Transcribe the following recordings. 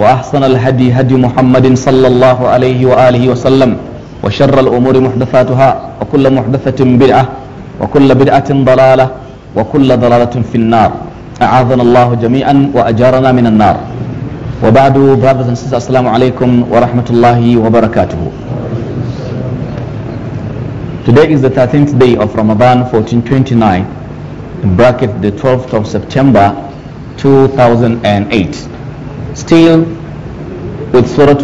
وأحسن الهدي هدي محمد صلى الله عليه وآله وسلم وشر الأمور محدثاتها وكل محدثة بدعة وكل بدعة ضلالة وكل ضلالة في النار أعاذنا الله جميعا وأجارنا من النار وبعد brothers and sisters السلام عليكم ورحمة الله وبركاته Today is the 13th day of Ramadan 1429 in bracket the 12th of September 2008 still with Surah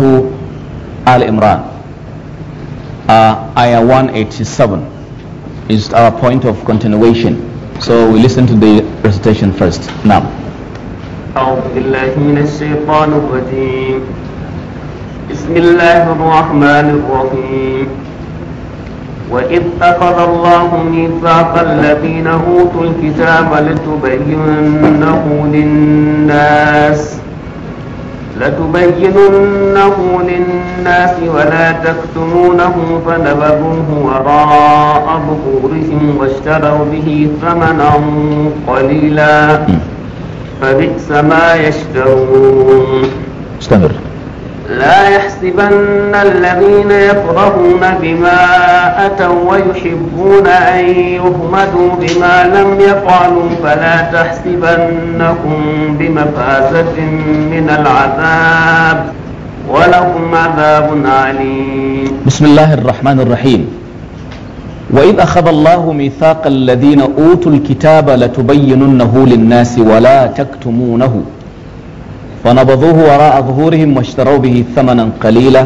Al Imran, uh, Ayah 187 is our point of continuation. So we listen to the recitation first. Now. بسم الله الرحمن الرحيم وإذ أخذ الله ميثاق الذين أوتوا الكتاب لتبينه للناس لتبيننه للناس ولا تكتمونه فنبذوه وراء ظهورهم واشتروا به ثمنا قليلا فبئس ما يشترون استمر لا يحسبن الذين يفرحون بما أتوا ويحبون أن يهمدوا بما لم يفعلوا فلا تحسبنهم بمفازة من العذاب ولهم عذاب عليم بسم الله الرحمن الرحيم وإذ أخذ الله ميثاق الذين أوتوا الكتاب لتبيننه للناس ولا تكتمونه فنبذوه وراء ظهورهم واشتروا به ثمنا قليلا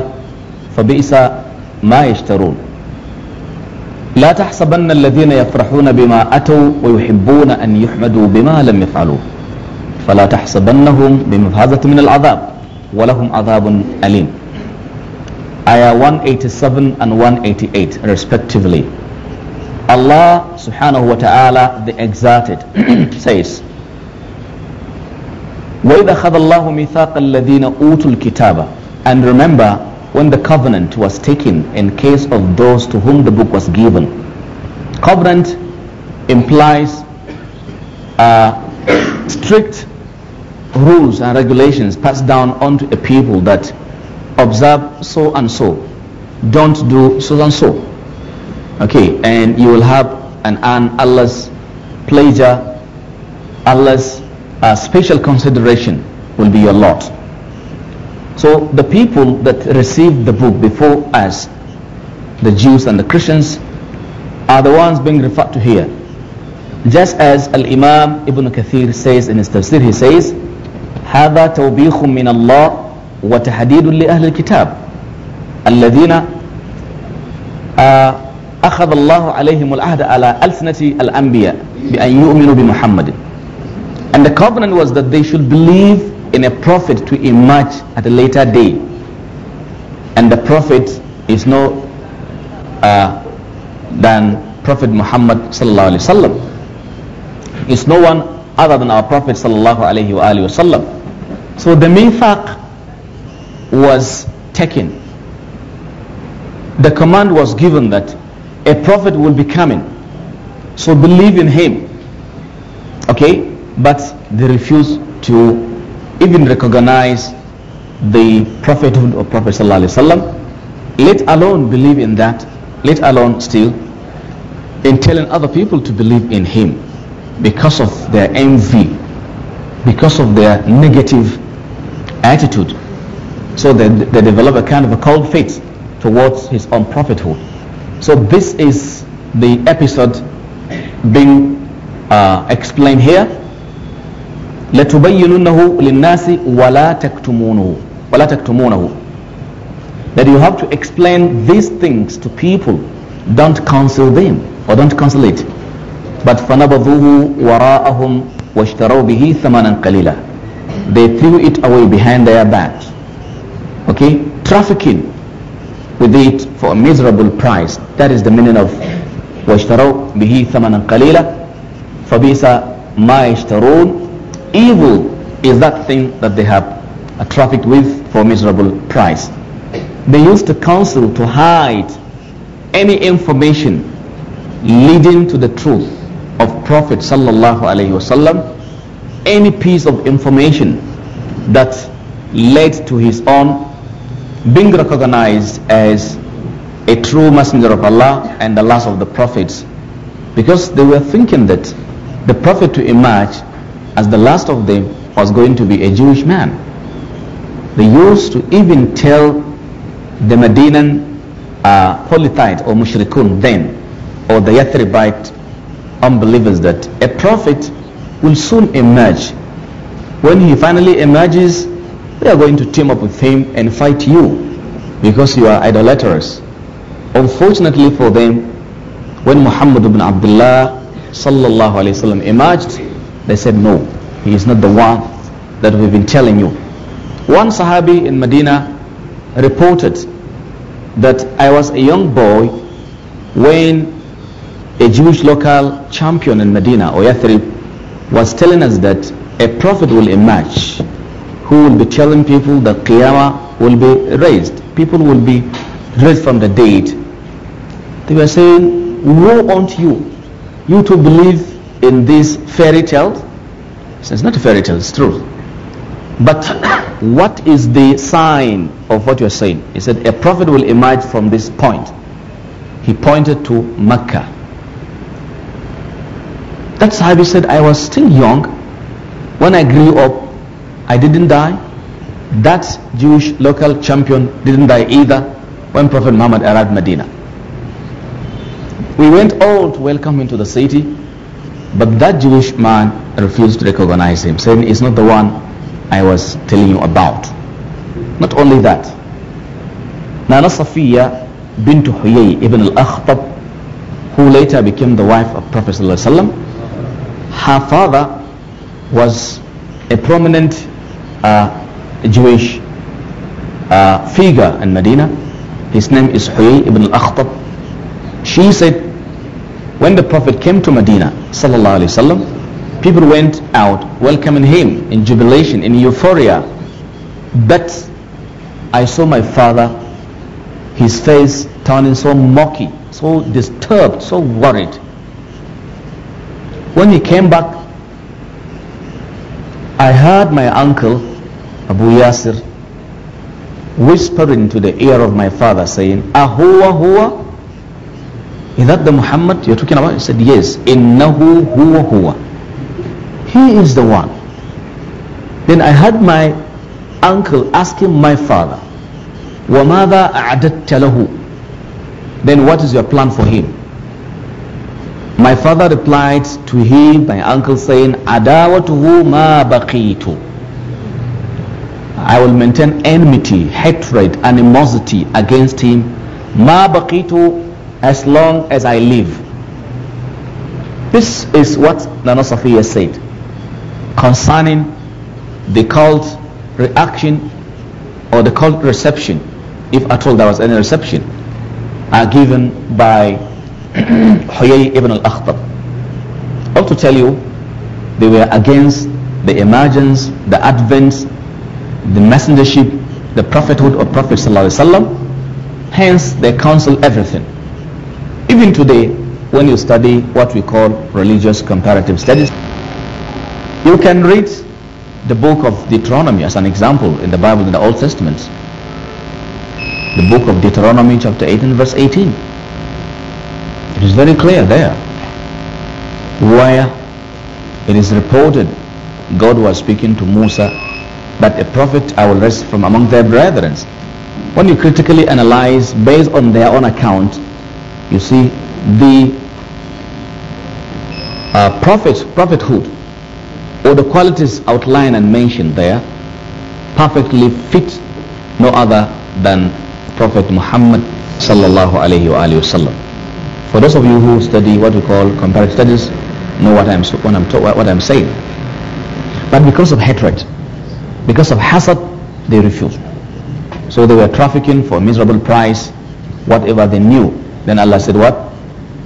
فبئس ما يشترون لا تحسبن الذين يفرحون بما أتوا ويحبون أن يحمدوا بما لم يفعلوا فلا تحسبنهم بمفازة من العذاب ولهم عذاب أليم آية 187 and 188 respectively Allah subhanahu wa ta'ala the exalted says وَإِذَا خَذَ اللَّهُ مِيثَاقَ الَّذِينَ أُوتُوا الْكِتَابَ And remember when the covenant was taken in case of those to whom the book was given. Covenant implies uh, strict rules and regulations passed down onto a people that observe so and so, don't do so and so. Okay, and you will have and earn Allah's pleasure, Allah's a special consideration will be your lot. So the people that received the book before us, the Jews and the Christians, are the ones being referred to here. Just as Al-Imam Ibn Kathir says in his tafsir, he says, هذا توبيخ من الله وتحديد لأهل الكتاب الذين أخذ الله عليهم العهد على ألسنة الأنبياء بأن يؤمنوا بمحمد and the covenant was that they should believe in a prophet to emerge at a later day. And the prophet is no uh, than Prophet Muhammad sallallahu alaihi wasallam. It's no one other than our Prophet sallallahu alaihi wasallam. So the fact was taken. The command was given that a prophet will be coming. So believe in him. Okay? but they refuse to even recognize the prophethood of Prophet ﷺ, let alone believe in that, let alone still in telling other people to believe in him because of their envy, because of their negative attitude. So they, they develop a kind of a cold faith towards his own prophethood. So this is the episode being uh, explained here لَتُبَيِّنُنَّهُ لِلنَّاسِ وَلَا تَكْتُمُونَهُ وَلَا That you have to explain these things to people. Don't counsel them or don't counsel it. But فَنَبَذُوهُ وَرَاءَهُمْ وَاشْتَرَوْا بِهِ ثَمَنًا قَلِيلًا They threw it away behind their backs. Okay? Trafficking with it for a miserable price. That is the meaning of وَاشْتَرَوْا بِهِ ثَمَنًا قَلِيلًا فَبِئْسَ مَا يَشْتَرُونَ Evil is that thing that they have a trafficked with for miserable price. They used the counsel to hide any information leading to the truth of Prophet sallallahu alaihi wasallam, any piece of information that led to his own being recognized as a true messenger of Allah and the last of the prophets because they were thinking that the prophet to emerge as the last of them was going to be a Jewish man. They used to even tell the Medinan uh, Polythite or Mushrikun then, or the Yathribite unbelievers that a prophet will soon emerge. When he finally emerges, they are going to team up with him and fight you because you are idolaters. Unfortunately for them, when Muhammad ibn Abdullah sallallahu alayhi wasallam emerged, they said, no, he is not the one that we've been telling you. One Sahabi in Medina reported that I was a young boy when a Jewish local champion in Medina, or was telling us that a prophet will emerge who will be telling people that Qiyamah will be raised. People will be raised from the dead. They were saying, woe unto you, you to believe in these fairy tales? So it's not a fairy tale, it's true. But what is the sign of what you're saying? He said, a prophet will emerge from this point. He pointed to Mecca. how he said, I was still young. When I grew up, I didn't die. That Jewish local champion didn't die either when Prophet Muhammad arrived Medina. We went all to welcome him to the city. But that Jewish man refused to recognize him, saying, It's not the one I was telling you about. Not only that, Nana Safiya bint Huyay ibn al-Akhtab, who later became the wife of Prophet ﷺ, her father was a prominent uh, Jewish uh, figure in Medina. His name is Huyay ibn al-Akhtab. She said when the Prophet came to Medina, sallallahu alaihi wasallam, people went out welcoming him in jubilation, in euphoria. But I saw my father, his face turning so murky, so disturbed, so worried. When he came back, I heard my uncle, Abu Yasir, whispering to the ear of my father saying, Ahua huwa is that the Muhammad you're talking about? He said, Yes. Innahu huwa huwa. He is the one. Then I had my uncle asking my father, "Wamada أَعْدَدْتَ لَهُ Then what is your plan for him? My father replied to him, my uncle saying, أَدَاوَتُهُ ma بَقِيتُ I will maintain enmity, hatred, animosity against him. Ma بَقِيتُ as long as I live. This is what Nana Safiya said concerning the cult reaction or the cult reception, if at all there was any reception, are given by Huyay ibn al-Akhtab. All to tell you, they were against the emergence, the advent, the messengership, the prophethood of Prophet ﷺ. Hence, they counsel everything. Even today, when you study what we call religious comparative studies, you can read the book of Deuteronomy as an example in the Bible in the Old Testament. The book of Deuteronomy chapter 18 verse 18. It is very clear there where it is reported God was speaking to Musa that a prophet I will raise from among their brethren. When you critically analyze based on their own account, you see, the uh, prophets, prophethood, or the qualities outlined and mentioned there, perfectly fit no other than Prophet Muhammad sallallahu alaihi wasallam. For those of you who study what we call comparative studies, know what I'm what I'm what I'm saying. But because of hatred, because of hazard, they refused. So they were trafficking for a miserable price, whatever they knew Then Allah said what?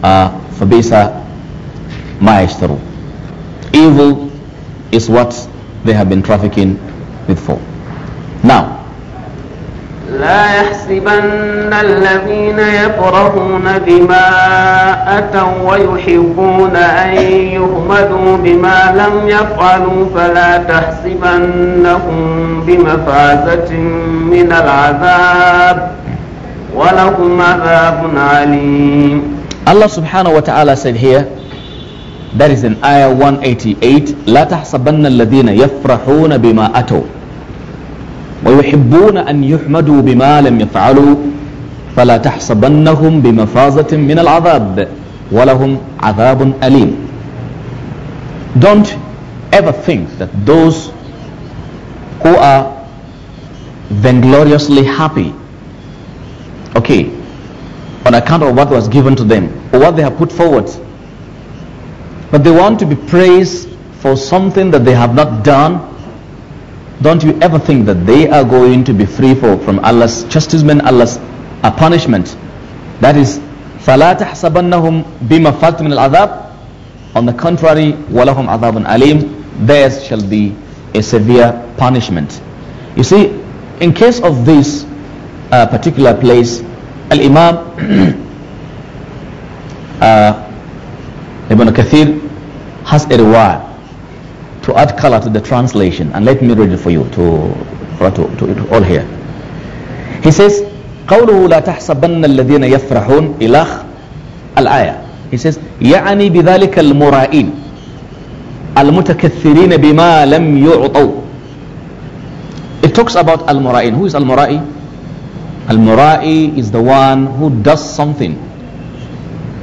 Uh, Fabisa ma'ishtaru. Evil is what they have been trafficking with for. Now, لا يحسبن الذين يفرحون بما أتوا ويحبون أن يهمدوا بما لم يفعلوا فلا تحسبنهم بمفازة من العذاب ولكم عذاب عليم الله سبحانه وتعالى said here, that is in ayah 188, لا تحسبن الذين يفرحون بما أتوا ويحبون أن يحمدوا بما لم يفعلوا فلا تحسبنهم بمفازة من العذاب ولهم عذاب أليم Don't ever think that those who are vaingloriously happy okay on account of what was given to them or what they have put forward but they want to be praised for something that they have not done don't you ever think that they are going to be free for, from Allah's chastisement Allah's a punishment that is فلا تحسبنهم بمفات من العذاب on the contrary ولهم عذاب أليم There shall be a severe punishment you see in case of this a particular place, Al Imam uh, Ibn Kathir has a reward to add color to the translation. And let me read it for you to, for to, to, to all here. He says, قوله لا تحسبن الذين يفرحون إلى الآية. He says, يعني بذلك المرائين المتكثرين بما لم يعطوا. It talks about al-mura'in. Who is al-mura'i? Al-Mura'i is the one who does something,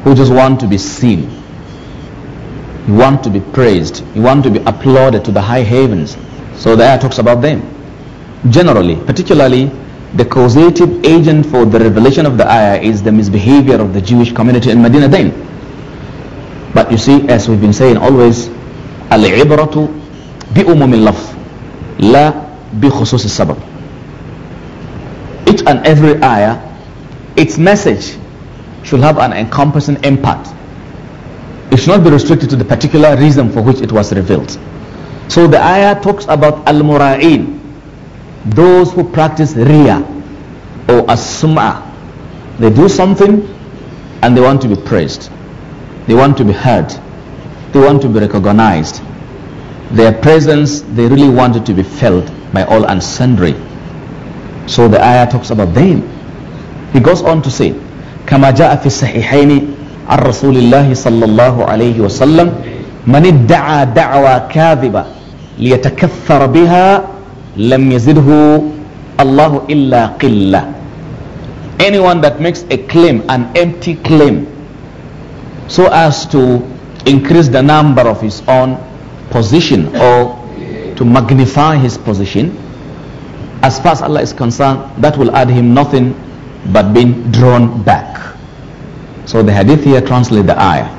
who just want to be seen. You want to be praised. You want to be applauded to the high heavens. So the ayah talks about them. Generally, particularly, the causative agent for the revelation of the ayah is the misbehavior of the Jewish community in Medina then. But you see, as we've been saying always, al-ibratu bi-umumil laf, la bi-khusus sabab each and every ayah, its message should have an encompassing impact. It should not be restricted to the particular reason for which it was revealed. So the ayah talks about al-mura'in, those who practice riyah or as-sum'ah. They do something and they want to be praised. They want to be heard. They want to be recognized. Their presence, they really want it to be felt by all and sundry. So the ayah talks about them. He goes on to say, كما جاء في الصحيحين عن رسول الله صلى الله عليه وسلم من ادعى دعوى كاذبة ليتكثر بها لم يزده الله إلا قلة Anyone that makes a claim, an empty claim, so as to increase the number of his own position or to magnify his position, as far as Allah is concerned, that will add him nothing but being drawn back. So the hadith here translates the ayah.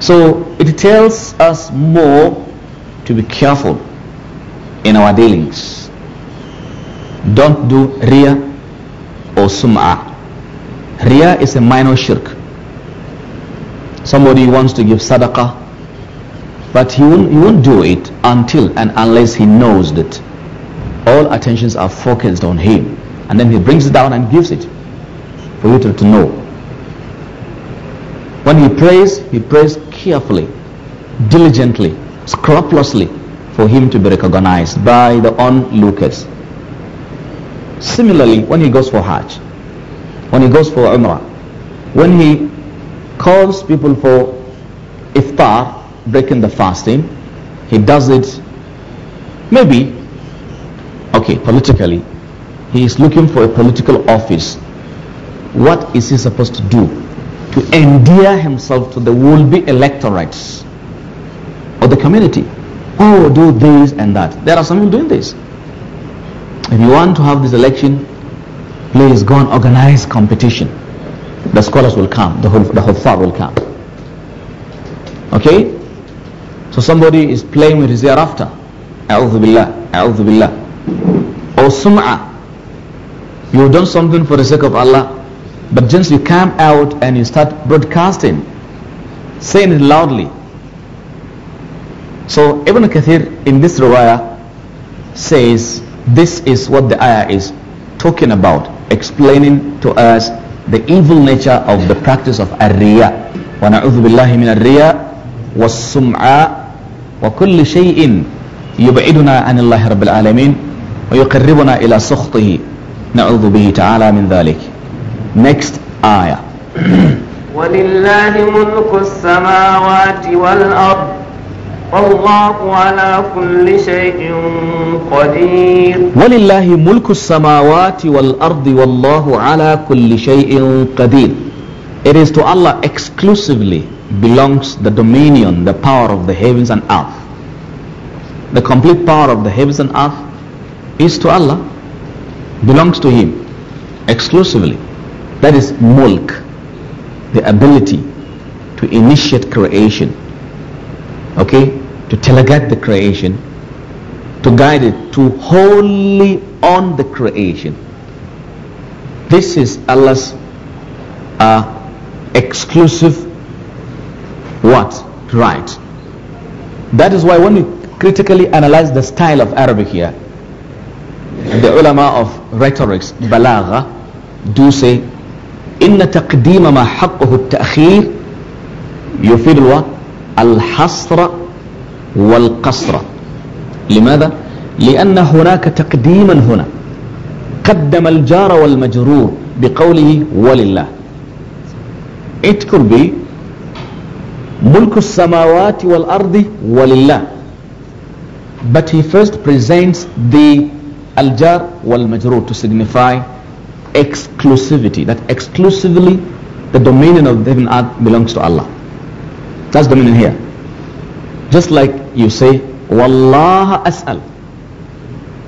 So it tells us more to be careful in our dealings. Don't do riya or sum'ah. Riya is a minor shirk. Somebody wants to give sadaqah, but he won't, he won't do it until and unless he knows that all attentions are focused on him and then he brings it down and gives it for you to, to know when he prays he prays carefully diligently scrupulously for him to be recognized by the onlookers similarly when he goes for hajj when he goes for umrah when he calls people for iftar breaking the fasting he does it maybe okay, politically, he is looking for a political office. What is he supposed to do? To endear himself to the will-be electorates or the community. Oh, do this and that. There are some people doing this. If you want to have this election, please go and organize competition. The scholars will come. The whole, the whole far will come. Okay? So somebody is playing with his hereafter. A'udhu billah. A'udhu billah or sum'a, You've done something for the sake of Allah, but just you come out and you start broadcasting, saying it loudly. So Ibn Kathir in this riwayah says this is what the ayah is talking about, explaining to us the evil nature of the practice of arriya. ونعوذ بالله من الرياء والسمعاء وكل شيء يبعدنا عن الله رب العالمين ويقربنا إلى سخطه نعوذ به تعالى من ذلك next آية ولله ملك السماوات والأرض والله على كل شيء قدير ولله ملك السماوات والأرض والله على كل شيء قدير It is to Allah exclusively belongs the dominion, the power of the heavens and earth. The complete power of the heavens and earth is to Allah, belongs to Him exclusively. That is mulk, the ability to initiate creation, okay, to telegraph the creation, to guide it, to wholly own the creation. This is Allah's uh, exclusive what right. That is why when we critically analyze the style of Arabic here, the ulama of rhetorics balagha do say إن تقديم ما حقه التأخير يفيد الوقت الحصر والقصر لماذا؟ لأن هناك تقديما هنا قدم الجار والمجرور بقوله ولله it could be ملك السماوات والأرض ولله but he first presents the al-jar wal to signify exclusivity, that exclusively the dominion of the and earth belongs to Allah. That's dominion here. Just like you say, والله as'al.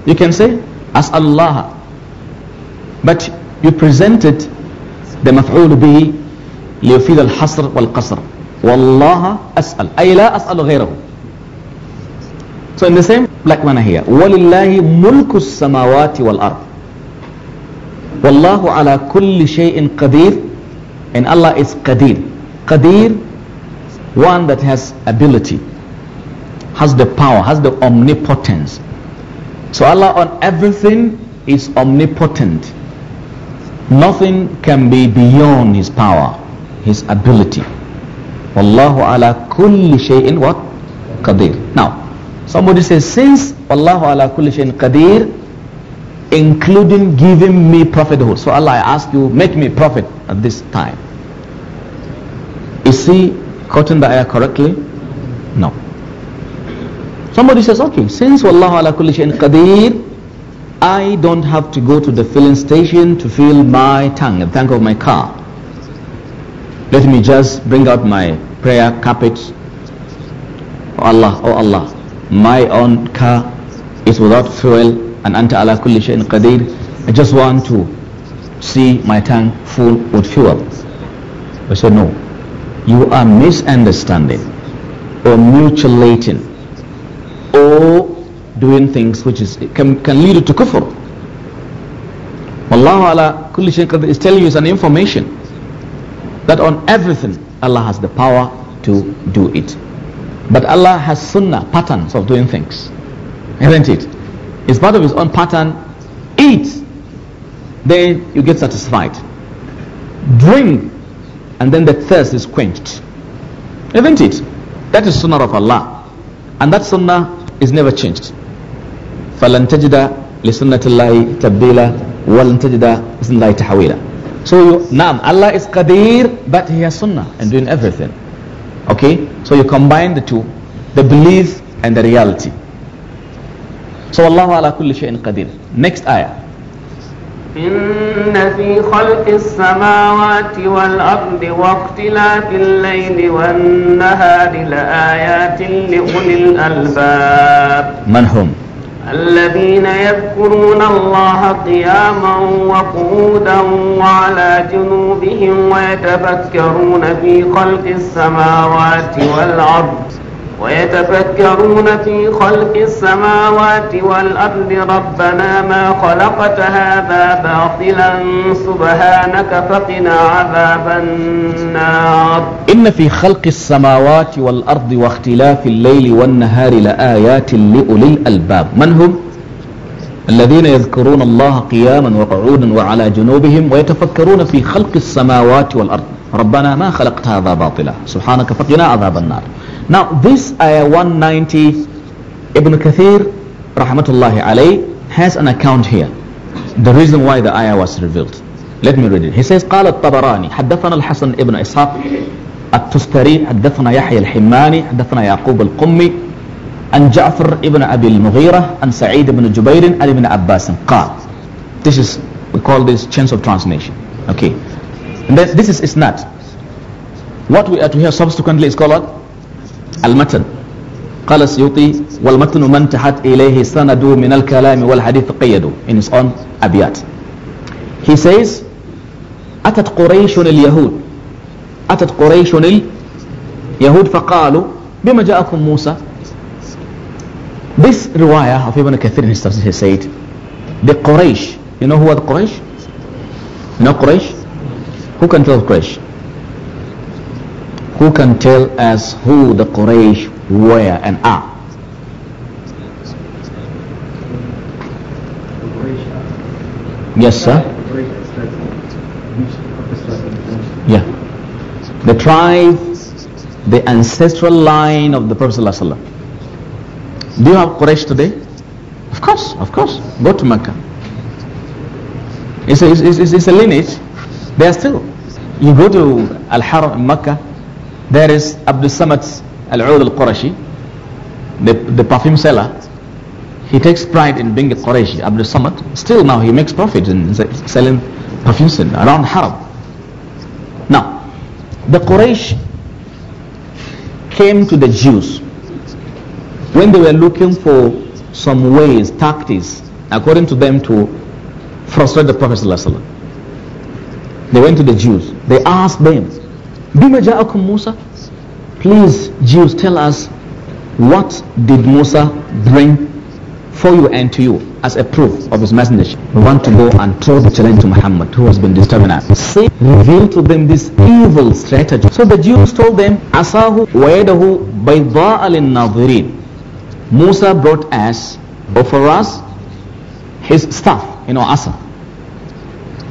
You can say, الله But you presented the مفعول به ليفيد الحصر والقصر والله أسأل أي لا أسأل غيره So in the same black manner here. وَلِلَّهِ مُلْكُ السَّمَاوَاتِ وَالْأَرْضِ وَاللَّهُ عَلَى كُلِّ شَيْءٍ قَدِيرٍ And Allah is Qadir. Qadir, one that has ability, has the power, has the omnipotence. So Allah on everything is omnipotent. Nothing can be beyond His power, His ability. وَاللَّهُ ala kulli shay'in what? Qadir. Now, Somebody says, since Allah ala kulli shayin qadir, including giving me prophethood. So Allah, I ask you, make me prophet at this time. Is he quoting the ayah correctly? No. Somebody says, okay, since Allah ala kulli shayin qadir, I don't have to go to the filling station to fill my tank, the tank of my car. Let me just bring out my prayer carpet. Oh Allah, oh Allah, my own car is without fuel and anta ala kulli shayin qadir I just want to see my tank full with fuel I said no you are misunderstanding or mutilating or doing things which is can, can lead you to kufr Allah ala kulli shayin qadir is telling you is an information that on everything Allah has the power to do it but Allah has sunnah, patterns of doing things. Isn't it? It's part of His own pattern. Eat, then you get satisfied. Drink, and then the thirst is quenched. Isn't it? That is sunnah of Allah. And that sunnah is never changed. فَلَنْ تَجِدَ لِسُنَّةِ اللَّهِ تَبْدِيلًا وَلَنْ تَجِدَ لِسُنَّةِ اللَهِ تَحَوِيلًا So, Nam Allah is Qadir, but He has sunnah and doing everything. Okay? So you combine the two, the belief and the reality. So Allah ala kulli shay'in qadir. Next ayah. إن في خلق السماوات والأرض واختلاف الليل والنهار لآيات لأولي الألباب من هم؟ الذين يذكرون الله قياما وقعودا وعلى جنوبهم ويتفكرون في خلق السماوات والأرض ويتفكرون في خلق السماوات والأرض ربنا ما خلقت هذا باطلا سبحانك فقنا عذاب النار إن في خلق السماوات والأرض واختلاف الليل والنهار لآيات لأولي الألباب من هم؟ الذين يذكرون الله قياما وقعودا وعلى جنوبهم ويتفكرون في خلق السماوات والأرض ربنا ما خلقت هذا باطلا سبحانك فقنا عذاب النار Now this ayah 190, Ibn Kathir rahmatullahi alayh has an account here. The reason why the ayah was revealed. Let me read it. He says, قال الطبراني حدثنا الحسن ابن إسحاق التستري حدثنا يحيى الحماني حدثنا يعقوب القمي عن جعفر ابن أبي المغيرة عن سعيد بن جبير عن ابن عباس قال This is, we call this chance of translation. Okay. And this, this is not. What we are to hear subsequently is called المتن قال السيوطي والمتن من تحت إليه سند من الكلام والحديث قيده in his own أبيات he says أتت قريش اليهود أتت قريش اليهود فقالوا بما جاءكم موسى this رواية of Ibn Kathir in his tafsir he said the Quraysh you know who are the Quraysh no Quraysh who can tell Quraysh who can tell us who the Quraysh were and are? Yes, sir. Yeah. The tribe, the ancestral line of the Prophet Do you have Quraysh today? Of course, of course. Go to Mecca. It's a, it's, it's, it's a lineage. They are still. You go to Al-Haram, Mecca, there is Abdul Samad Al-Ud Al-Qurashi, the, the perfume seller. He takes pride in being a Qurashi, Abdul Samad. Still now he makes profit in selling perfumes around Haram. Now, the Quraysh came to the Jews when they were looking for some ways, tactics, according to them to frustrate the Prophet They went to the Jews. They asked them, Bima ja'akum Musa? Please, Jews, tell us what did Musa bring for you and to you as a proof of his message. We want to go and throw the challenge to Muhammad who has been disturbing us. See, reveal to them this evil strategy. So the Jews told them, Asahu wayadahu bayda'a lin-nazirin. Musa brought us, or for us, his staff, you know, Asa.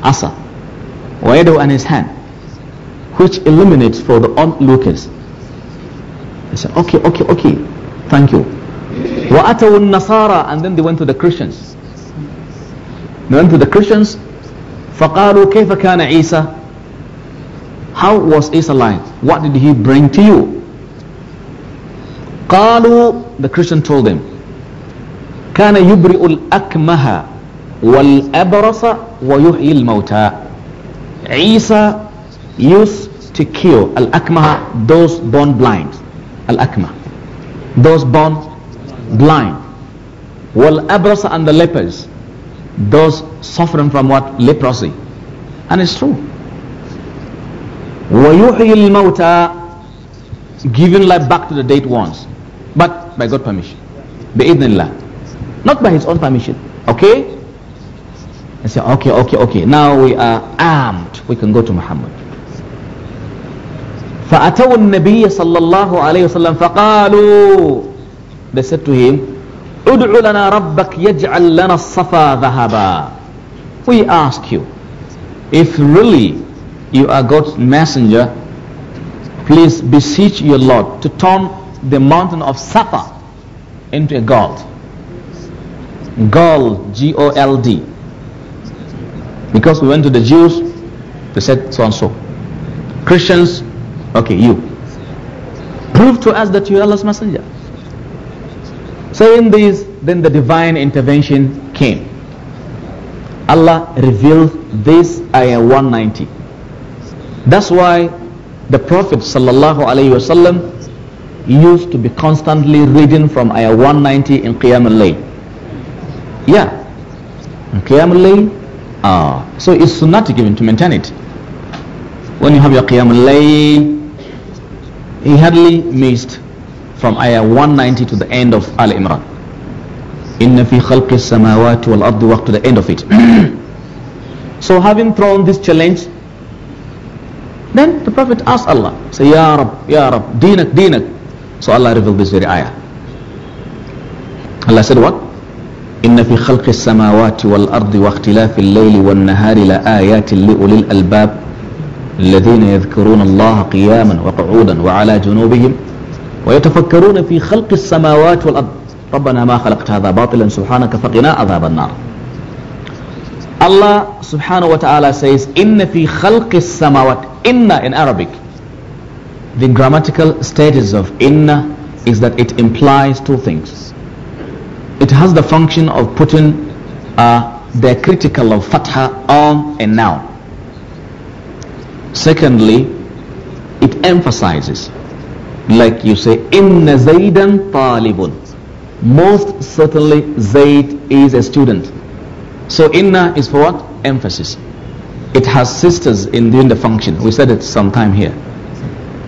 Asa. Wayadahu and his hand which eliminates for the onlookers. They said, okay, okay, okay, thank you. وَأَتَوُ النَّصَارَى And then they went to the Christians. They went to the Christians. فَقَالُوا كَيْفَ كَانَ عِيسَى How was Isa like? What did he bring to you? قالوا The Christian told them. كَانَ يُبْرِئُ الْأَكْمَهَ وَالْأَبْرَصَ وَيُحْيِي الْمَوْتَى Isa used to cure al-akmah those born blind al-akmah those born blind wal abras and the lepers those suffering from what leprosy and it's true وَيُحْيِي الْمَوْتَى Giving life back to the dead ones. But by God's permission. بِإِذْنِ Not by his own permission. Okay? I say, okay, okay, okay. Now we are armed. We can go to Muhammad. فأتوا النبي صلى الله عليه وسلم فقالوا They said to him ادع لنا ربك يجعل لنا الصفا ذهبا We ask you If really you are God's messenger Please beseech your Lord to turn the mountain of Safa into a gold gold G-O-L-D because we went to the Jews they said so and so Christians Okay, you. Prove to us that you are Allah's messenger. Saying this, then the divine intervention came. Allah revealed this ayah 190. That's why the Prophet sallallahu wasallam used to be constantly reading from ayah 190 in Qiyam al-Layl. Yeah. In Qiyam al-Layl, ah. So it's sunnah given to maintain it. When you have your Qiyam al-Layl, He hardly missed from ayah 190 to the end of Al Imran. Inna fi khalqi samawati wal ardi waqt to the end of it. so having thrown this challenge, then the Prophet asked Allah, say, Ya Rab, Ya Rab, dinak, dinak. So Allah revealed this very ayah. Allah said what? إن في خلق السماوات والأرض واختلاف الليل والنهار لآيات لأولي الألباب الذين يذكرون الله قياما وقعودا وعلى جنوبهم ويتفكرون في خلق السماوات والأرض ربنا ما خلقت هذا باطلا سبحانك فقنا عذاب النار الله سبحانه وتعالى says إن في خلق السماوات إن in Arabic the grammatical status of إن is that it implies two things it has the function of putting uh, the critical of فتحة on a noun Secondly, it emphasizes, like you say, Inna zaidan Talibun. Most certainly, Zayd is a student. So, Inna is for what? Emphasis. It has sisters in doing the function. We said it sometime here.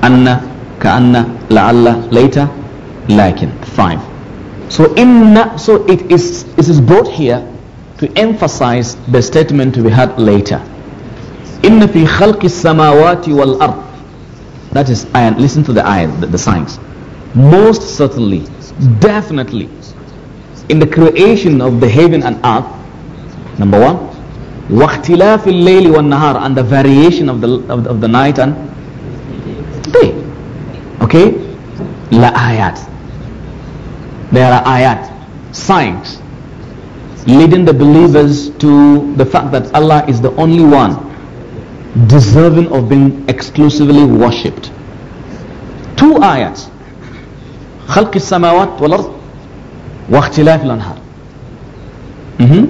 Anna, Ka'anna, La'alla, later, Lakin. Five. So, Inna, so it is, it is brought here to emphasize the statement to be had later. إن في خلق السماوات والأرض That is ayah. Listen to the ayah, the, the signs. Most certainly, definitely, in the creation of the heaven and earth, number one, واختلاف الليل والنهار and the variation of the, of, of the night and day. Okay? La ayat. There are ayat, signs, leading the believers to the fact that Allah is the only one deserving of being exclusively worshipped. Two ayats. خلق السماوات والأرض واختلاف الأنهار. Mhm.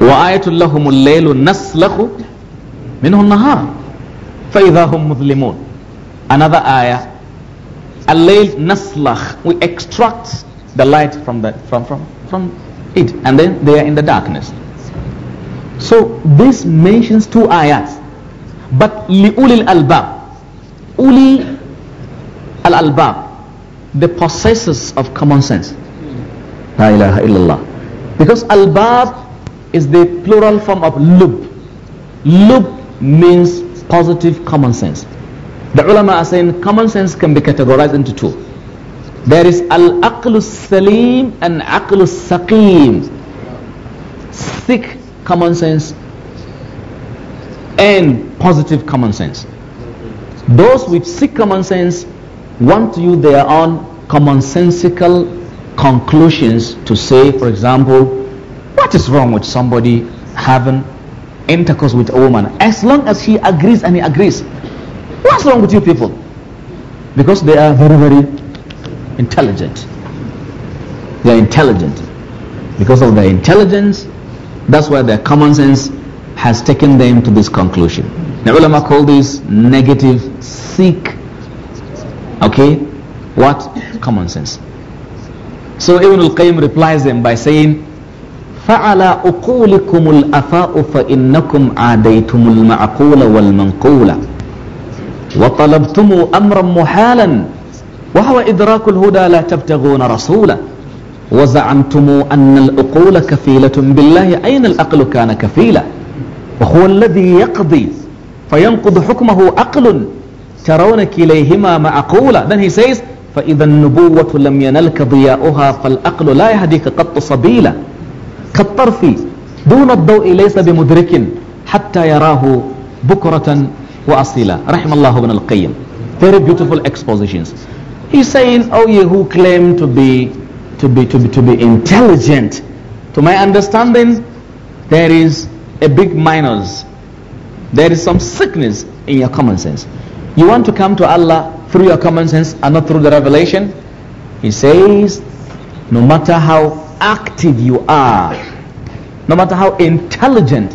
وآية لهم الليل نسلخ منه النهار فإذا هم مظلمون. Another ayah. الليل نسلخ. We extract the light from, the, from, from, from it and then they are in the darkness. So this mentions two ayats. But li'ulil albab. Uli al albab. The possessors of common sense. La ilaha illallah. Because albab is the plural form of lub. Lub means positive common sense. The ulama are saying common sense can be categorized into two. There is aqlus salim and aqlus saqim. Sick common sense and positive common sense. Those with sick common sense want to use their own commonsensical conclusions to say, for example, what is wrong with somebody having intercourse with a woman as long as she agrees and he agrees? What's wrong with you people? Because they are very, very intelligent. They are intelligent. Because of their intelligence, that's why their common sense has taken them to this conclusion. The ulama call this negative seek. Okay? What? Common sense. So Ibn al-Qayyim replies them by saying, فعلى أقولكم الأفاء فإنكم عاديتم المعقول والمنقول وطلبتم أمرا محالا وهو إدراك الهدى لا تبتغون رسولا وزعمتم أن الأقول كفيلة بالله أين الأقل كان كفيلا وهو الذي يقضي فينقض حكمه أقل ترون كليهما معقولا then he says فإذا النبوة لم ينلك ضياؤها فالأقل لا يهديك قط سبيلا كالطرف دون الضوء ليس بمدرك حتى يراه بكرة وأصيلا رحم الله ابن القيم very beautiful expositions he's saying oh you who claim to be to be, to be, to be intelligent. To my understanding, there is a big minus. There is some sickness in your common sense. You want to come to Allah through your common sense and not through the revelation? He says, no matter how active you are, no matter how intelligent,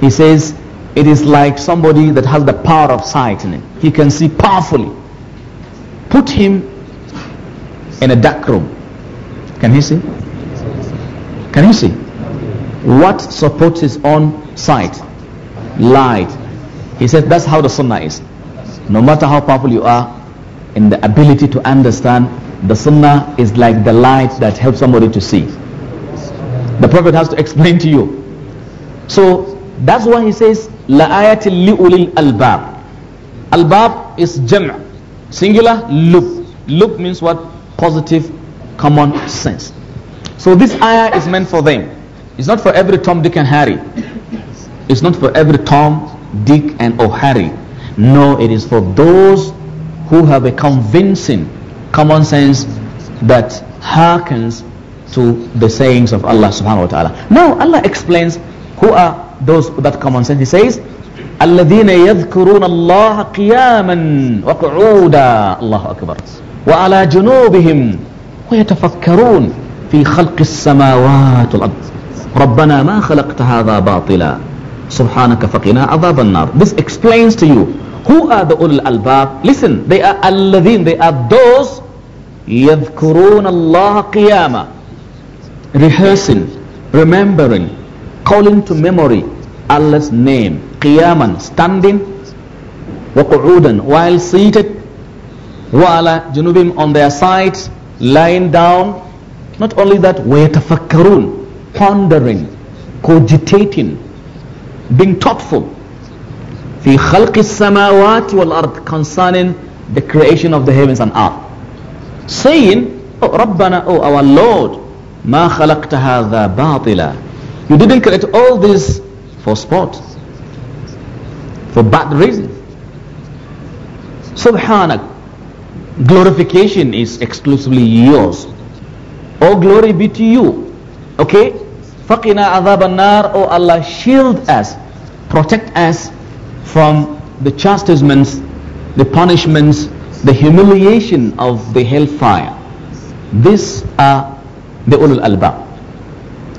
he says, it is like somebody that has the power of sight in it. He can see powerfully. Put him in a dark room can he see? Can you see? What supports his own sight? Light. He says that's how the sunnah is. No matter how powerful you are in the ability to understand, the sunnah is like the light that helps somebody to see. The Prophet has to explain to you. So that's why he says, La li ulil albab. Albab is jam'a. singular loop. Loop means what? Positive common sense. So this ayah is meant for them. It's not for every Tom, Dick, and Harry. It's not for every Tom, Dick, and O'Harry. No, it is for those who have a convincing common sense that hearkens to the sayings of Allah subhanahu wa ta'ala. Now Allah explains who are those with that common sense. He says, الذين يذكرون الله قياما وقعودا الله أكبر وعلى جنوبهم ويتفكرون في خلق السماوات والأرض ربنا ما خلقت هذا باطلا سبحانك فقنا عذاب النار This explains to you who are the ulul albab listen they are الذين they are those يذكرون الله قياما rehearsing remembering calling to memory Allah's name قياما standing وقعودا while seated وعلى جنوبهم on their sides lying down. Not only that, وَيَتَفَكَّرُونَ Pondering, cogitating, being thoughtful. في خلق السماوات والأرض concerning the creation of the heavens and earth. Saying, Oh Rabbana, oh our Lord, ما خلقت هذا باطلا. You didn't create all this for sport, for bad reason. Subhanak, glorification is exclusively yours. All glory be to you. Okay? Faqina adhab nar O Allah, shield us, protect us from the chastisements, the punishments, the humiliation of the hellfire. These are the ulul albab.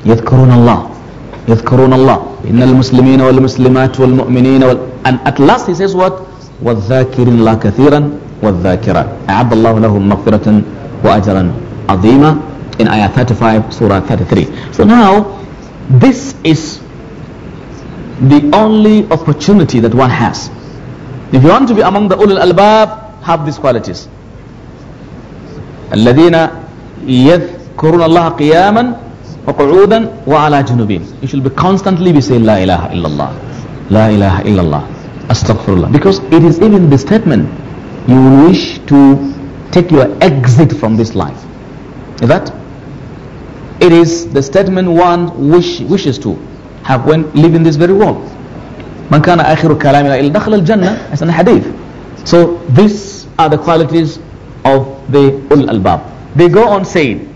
يذكرون الله يذكرون الله إن المسلمين والمسلمات والمؤمنين وال... and at last he says what والذاكرين الله كثيرا والذاكرة أعد الله لهم مغفرة وأجرا عظيما in ayah 35 surah 33 so now this is the only opportunity that one has if you want to be among the ulul albab have these qualities الذين يذكرون الله قياما وقعودا وعلى جنوبين you should be constantly be saying لا إله إلا الله لا إله إلا الله أستغفر الله because it is even the statement you will wish to take your exit from this life. Is that? It is the statement one wish, wishes to have when living this very world. Man kana akhiru kalamina il dakhla al-jannah as an hadith. So these are the qualities of the ul albab. They go on saying,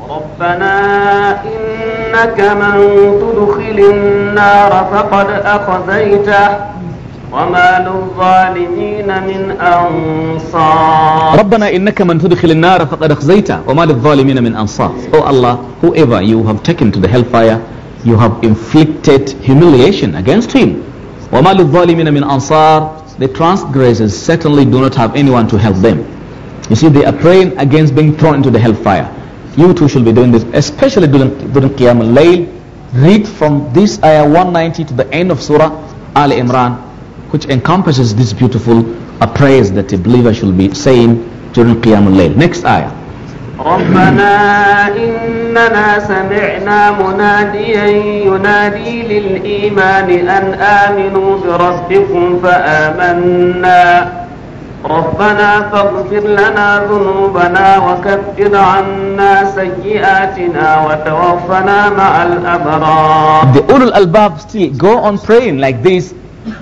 ربنا إنك من تدخل النار فقد وما للظالمين من أنصار ربنا إنك من تدخل النار فقد أخزيته وما للظالمين من أنصار Oh Allah, whoever you have taken to the hellfire, you have inflicted humiliation against him. وما للظالمين من أنصار The transgressors certainly do not have anyone to help them. You see, they are praying against being thrown into the hellfire. You too should be doing this, especially during, during Qiyam al-Layl. Read from this ayah 190 to the end of Surah Al Imran which encompasses this beautiful a praise that a believer should be saying during Qiyamul Layl. Next ayah. ربنا إننا سمعنا مناديا ينادي للإيمان أن آمنوا بربكم فآمنا ربنا فاغفر لنا ذنوبنا وكفر عنا سيئاتنا وتوفنا مع الأبرار The Ulul Albab still go on praying like this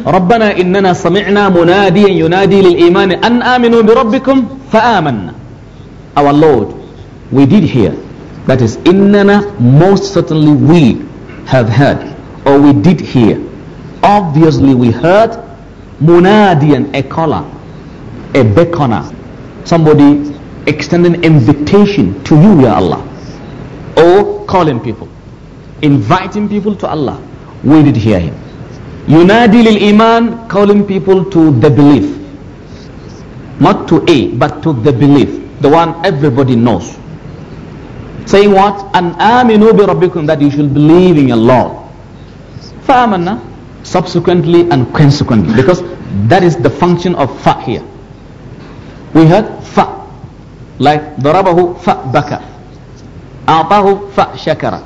ربنا إننا سمعنا مناديا ينادي للإيمان أن آمنوا بربكم فآمنا Our Lord, we did hear. That is, إننا most certainly we have heard or we did hear. Obviously we heard munadian, a caller, a beckoner, somebody extending invitation to you, Ya Allah, or calling people, inviting people to Allah. We did hear him. Yunadi lil iman, calling people to the belief. Not to A, but to the belief. The one everybody knows. Saying what? An aminu bi rabbikum, that you should believe in Allah. Lord. Fa'amanna, subsequently and consequently. Because that is the function of fa here. We heard fa, like darabahu fa baka, a'tahu fa shakara,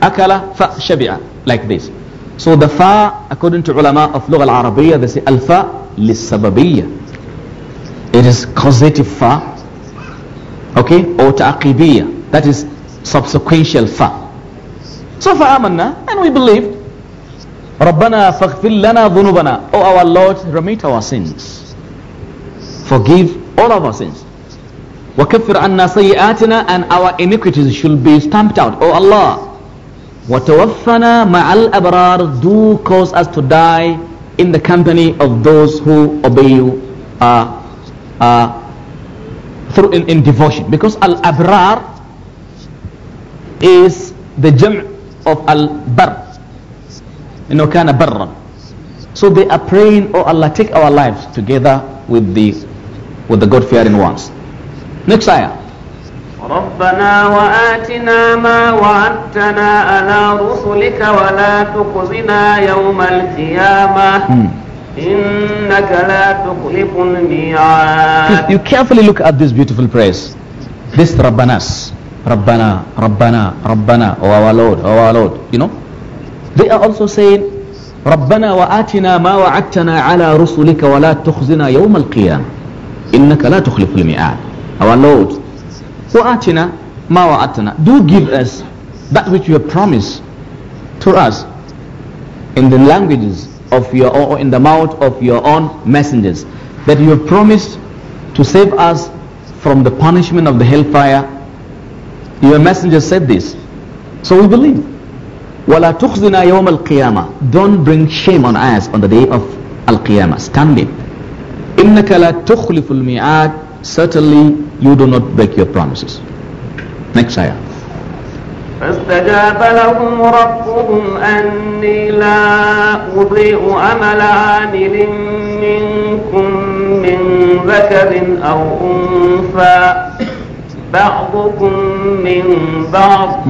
akala fa shabi'a, like this. So the fa, according to ulama of Lugha al they say alfa fa It is causative fa, okay, or ta'qibiyya. That is subsequential fa. So fa amanna, and we believed. رَبَّنَا فَاغْفِرْ لَنَا ذُنُوبَنَا O our Lord, remit our sins. Forgive all of our sins. وَكَفِّرْ عَنَّا سَيِّئَاتِنَا And our iniquities should be stamped out. O Allah, وَتَوَفَّنَا مَعَ الْأَبْرَارِ Do cause us to die in the company of those who obey you uh, uh, through in, in devotion. Because Al-Abrar is the jam' of Al-Bar. You know, of barra. So they are praying, Oh Allah, take our lives together with the, with the God-fearing ones. Next ayah. ربنا وآتنا ما وعدتنا على رسلك ولا تخزنا يوم القيامة إنك لا تخلف الميعاد You carefully look at this beautiful praise This Rabbanas Rabbana, Rabbana, Rabbana Oh our Lord, oh our Lord You know They are also saying ربنا وآتنا ما وعدتنا على رسلك ولا تخزنا يوم القيامة إنك لا تخلف الميعاد Our Lord وَآتِنَا مَا وَعَدْتَنَا Do give us that which you have promised to us in the languages of your or in the mouth of your own messengers that you have promised to save us from the punishment of the hellfire your messenger said this so we believe وَلَا تُخْزِنَا يَوْمَ الْقِيَامَةِ Don't bring shame on us on the day of Al-Qiyamah. Stand it. إِنَّكَ لَا تُخْلِفُ الْمِيعَادِ certainly you do not break your promises. Next ayah. فاستجاب لهم ربهم أني لا أضيع أمل عامل منكم من ذكر أو أنثى بعضكم من بعض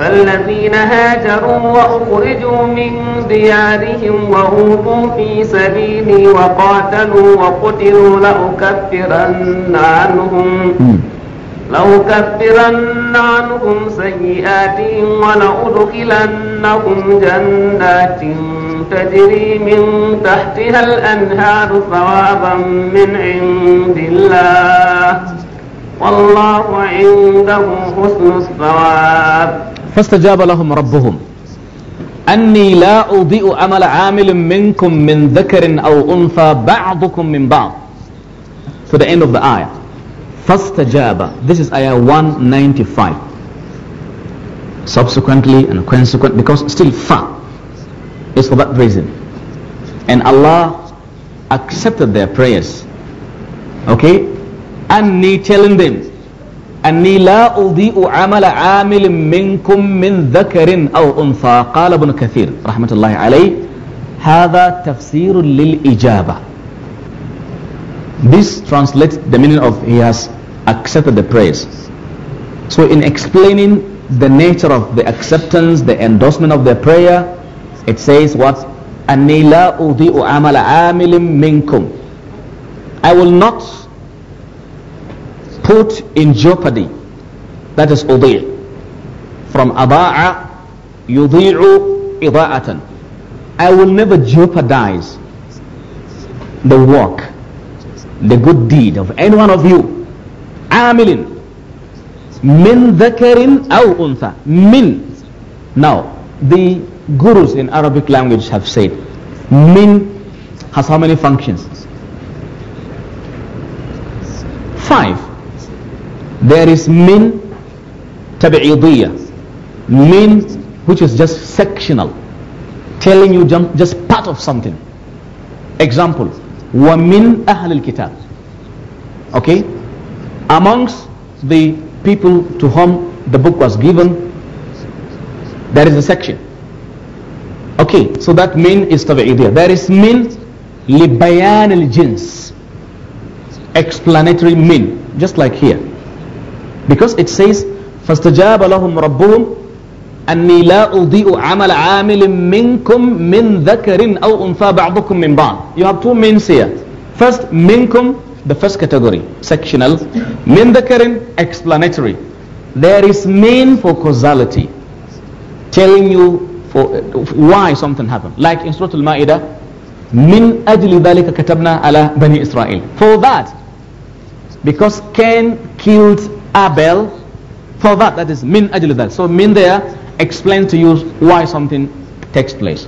فالذين هاجروا وأخرجوا من ديارهم وأوضوا في سبيلي وقاتلوا وقتلوا لأكفرن عنهم لأكفرن عنهم سيئاتهم ولأدخلنهم جنات تجري من تحتها الأنهار ثوابا من عند الله والله عنده حسن الثواب فاستجاب لهم ربهم أني لا أضيء عمل عامل منكم من ذكر أو أنثى بعضكم من بعض to the end of the ayah فاستجاب this is ayah 195 subsequently and consequently because still fa is for that reason and Allah accepted their prayers okay and telling them أني لا أضيء عمل عامل منكم من ذكر أو أنثى قال ابن كثير رحمة الله عليه هذا تفسير للإجابة This translates the meaning of he has accepted the praise. So in explaining the nature of the acceptance, the endorsement of the prayer, it says what? أني لا أضيء عمل عامل منكم I will not put in jeopardy. That is udir. From ada'a yudhi'u ida'atan. I will never jeopardize the work, the good deed of any one of you. Amilin min ذكر أو أنثى min. Now, the gurus in Arabic language have said, min has how many functions? Five there is min tab'idiyya means which is just sectional telling you just part of something example wa min al الْكِتَابِ okay amongst the people to whom the book was given there is a section okay so that min is tab'idiyya there is min لِبَيَانِ الْجِنْس explanatory min just like here because it says, فَاسْتَجَابَ لَهُمْ رَبُّهُمْ أَنِّي لَا أُضِيءُ عَمَلَ عَامِلٍ مِّنْكُمْ مِّنْ ذَكَرٍ أَوْ أُنْثَى بَعْضُكُمْ مِّنْ بَعْضٍ You have two means here. First, "minkum," the first category, sectional. مِّنْ ذَكَرٍ, explanatory. There is mean for causality. Telling you for why something happened. Like in Surah Al-Ma'idah, من أجل ذلك كتبنا على بني إسرائيل. For that, because Cain killed Abel for that. That is min ajl So min there explain to you why something takes place.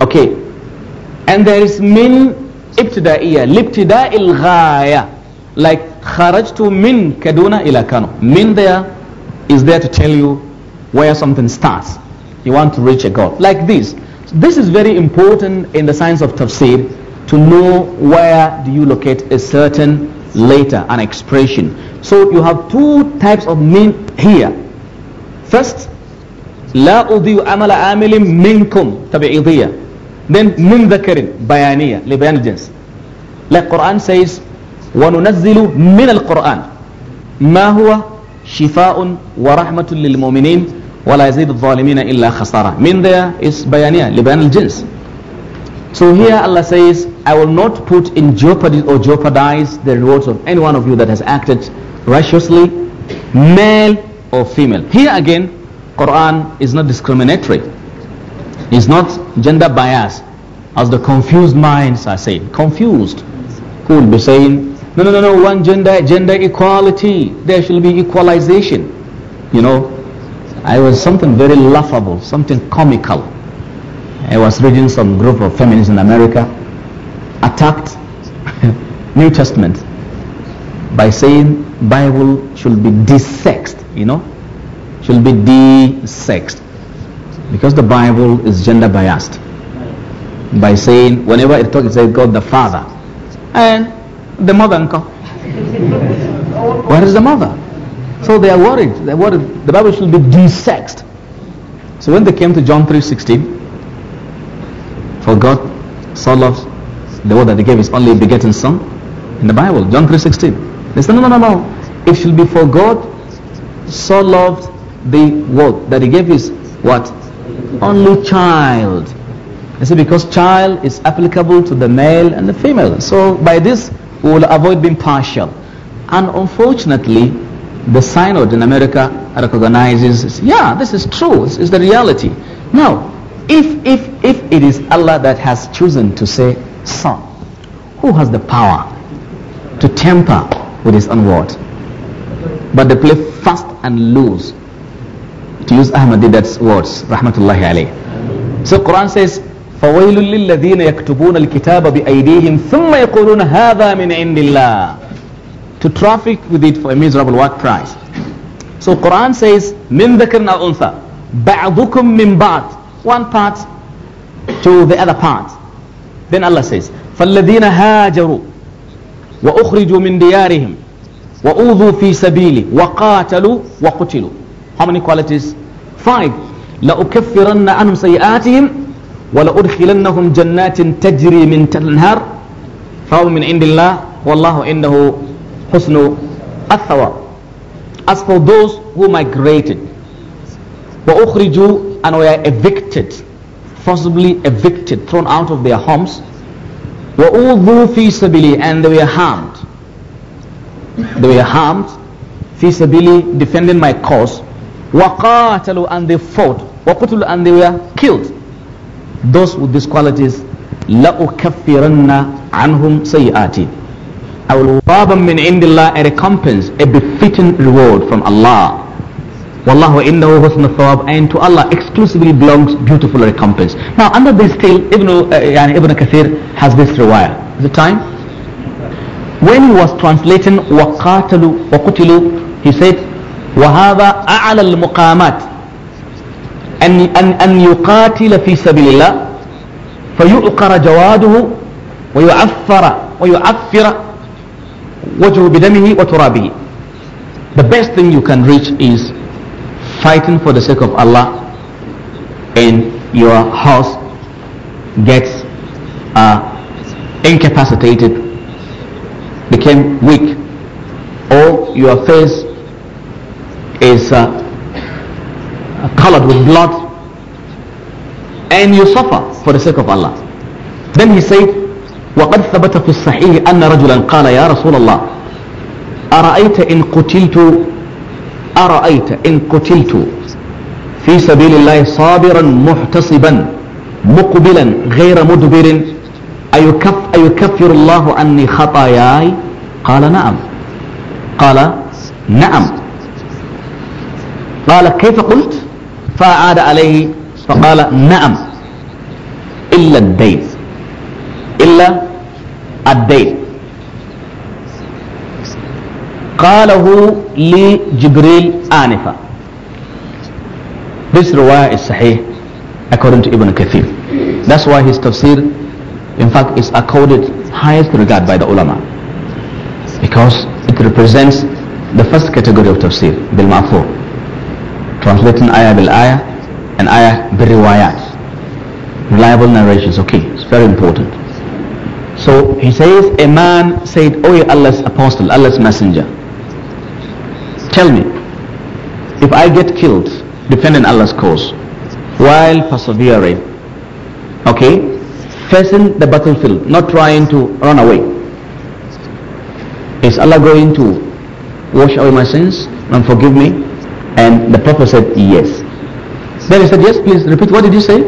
Okay. And there is min ibtida'iyya, libtida'il ghaya. Like kharajtu min kaduna ila kano. Min there is there to tell you where something starts. You want to reach a goal. Like this. this is very important in the science of tafsir to know where do you locate a certain later an expression. So you have two types of mean here. First, لا أضيء عمل عامل منكم تبعيضية then من ذكر بيانية لبيان الجنس like Quran says وننزل من القرآن ما هو شفاء ورحمة للمؤمنين ولا يزيد الظالمين إلا خسارة من ذا is بيانية لبيان الجنس So here Allah says, I will not put in jeopardy or jeopardize the rewards of any one of you that has acted righteously, male or female. Here again, Quran is not discriminatory. It's not gender biased, as the confused minds are saying. Confused. Who will be saying, no, no, no, no, one gender, gender equality. There should be equalization. You know, I was something very laughable, something comical. I was reading some group of feminists in America attacked New Testament by saying Bible should be de-sexed, you know, should be de-sexed because the Bible is gender biased by saying whenever it talks it says God the Father and the mother uncle. Where is the mother? So they are worried. They're worried. The Bible should be de-sexed. So when they came to John 3:16, for God so loved the word that he gave His only begotten son in the Bible, John 3.16. They said, no, no, no, no. It should be for God so loved the word that he gave His what? Only child. You see, because child is applicable to the male and the female. So by this, we will avoid being partial. And unfortunately, the synod in America recognizes, yeah, this is true. This is the reality. Now, if, if if it is Allah that has chosen to say son, who has the power to temper with his own word? But they play fast and loose. To use Ahmadidat's words, Rahmatullahi alayh. So Quran says, فَوَيْلٌ لِلَّذِينَ يَكْتُبُونَ الْكِتَابَ بِأَيْدِيهِمْ ثُمَّ يَقُولُونَ هَذَا مِنْ عِنْدِ اللَّهِ To traffic with it for a miserable work price? So Quran says, مِنْ ذَكَرٍ أَوْ أُنْثَى بَعْضُكُمْ مِنْ بَعْضٍ One part to the other part. Then Allah says, فَالَّذِينَ هَاجَرُوا وَأُخْرِجُوا مِنْ دِيَارِهِمْ وَأُوذُوا فِي سَبِيلِ وَقَاتَلُوا وَقُتِلُوا How many qualities? Five. لَأُكَفِّرَنَّ عَنْهُمْ سَيِّئَاتِهِمْ وَلَأُدْخِلَنَّهُمْ جَنَّاتٍ تَجْرِي مِنْ تَنْهَرْ فَهُمْ مِنْ عِنْدِ اللَّهِ وَاللَّهُ إِنَّهُ حُسْنُ الثَّوَابِ As for those who migrated, وَأُخْرِجُوا and were evicted forcibly evicted, thrown out of their homes. وَأُوذُوا فِي سَبِيلِي And they were harmed. They were harmed. فِي سَبِيلِي defending my cause. وَقَاتَلُوا And they fought. وَقُتُلُوا And they were killed. Those with these qualities لَأُكَفِّرَنَّ عَنْهُمْ سَيِّئَاتِهِ I will rob them Indillah a recompense, a befitting reward from Allah Wallahu innahu husnul thawab and to Allah exclusively belongs beautiful recompense. Now under this still Ibn, uh, yani Ibn Kathir has this riwayah. Is it time? When he was translating waqatalu وَقُتِلُوا he said وَهَذَا أَعْلَى الْمُقَامَاتِ أن, أن, أن يقاتل في سبيل الله فيؤقر جواده ويعفر ويعفر وجهه بدمه وترابه The best thing you can reach is fighting for the sake of Allah and your horse gets uh, incapacitated, became weak, or your face is uh, colored with blood and you suffer for the sake of Allah. Then he said, وقد ثبت في الصحيح أن رجلا قال يا رسول الله أرأيت إن قتلت أرأيت إن قتلت في سبيل الله صابرا محتصبا مقبلا غير مدبر أيكف أيكفر الله عني خطاياي قال نعم قال نعم قال كيف قلت فأعاد عليه فقال نعم إلا الدين إلا الدين قاله لجبريل آنفا This riwayah is sahih according to Ibn Kathir. That's why his tafsir in fact is accorded highest regard by the ulama because it represents the first category of tafsir, bil ma'fur Translating ayah bil ayah and ayah bil riwayat. Reliable narrations, okay, it's very important. So he says, a man said, O Allah's apostle, Allah's messenger, Tell me, if I get killed defending Allah's cause while persevering, okay, facing the battlefield, not trying to run away, is Allah going to wash away my sins and forgive me? And the Prophet said, yes. Then he said, yes, please repeat, what did you say?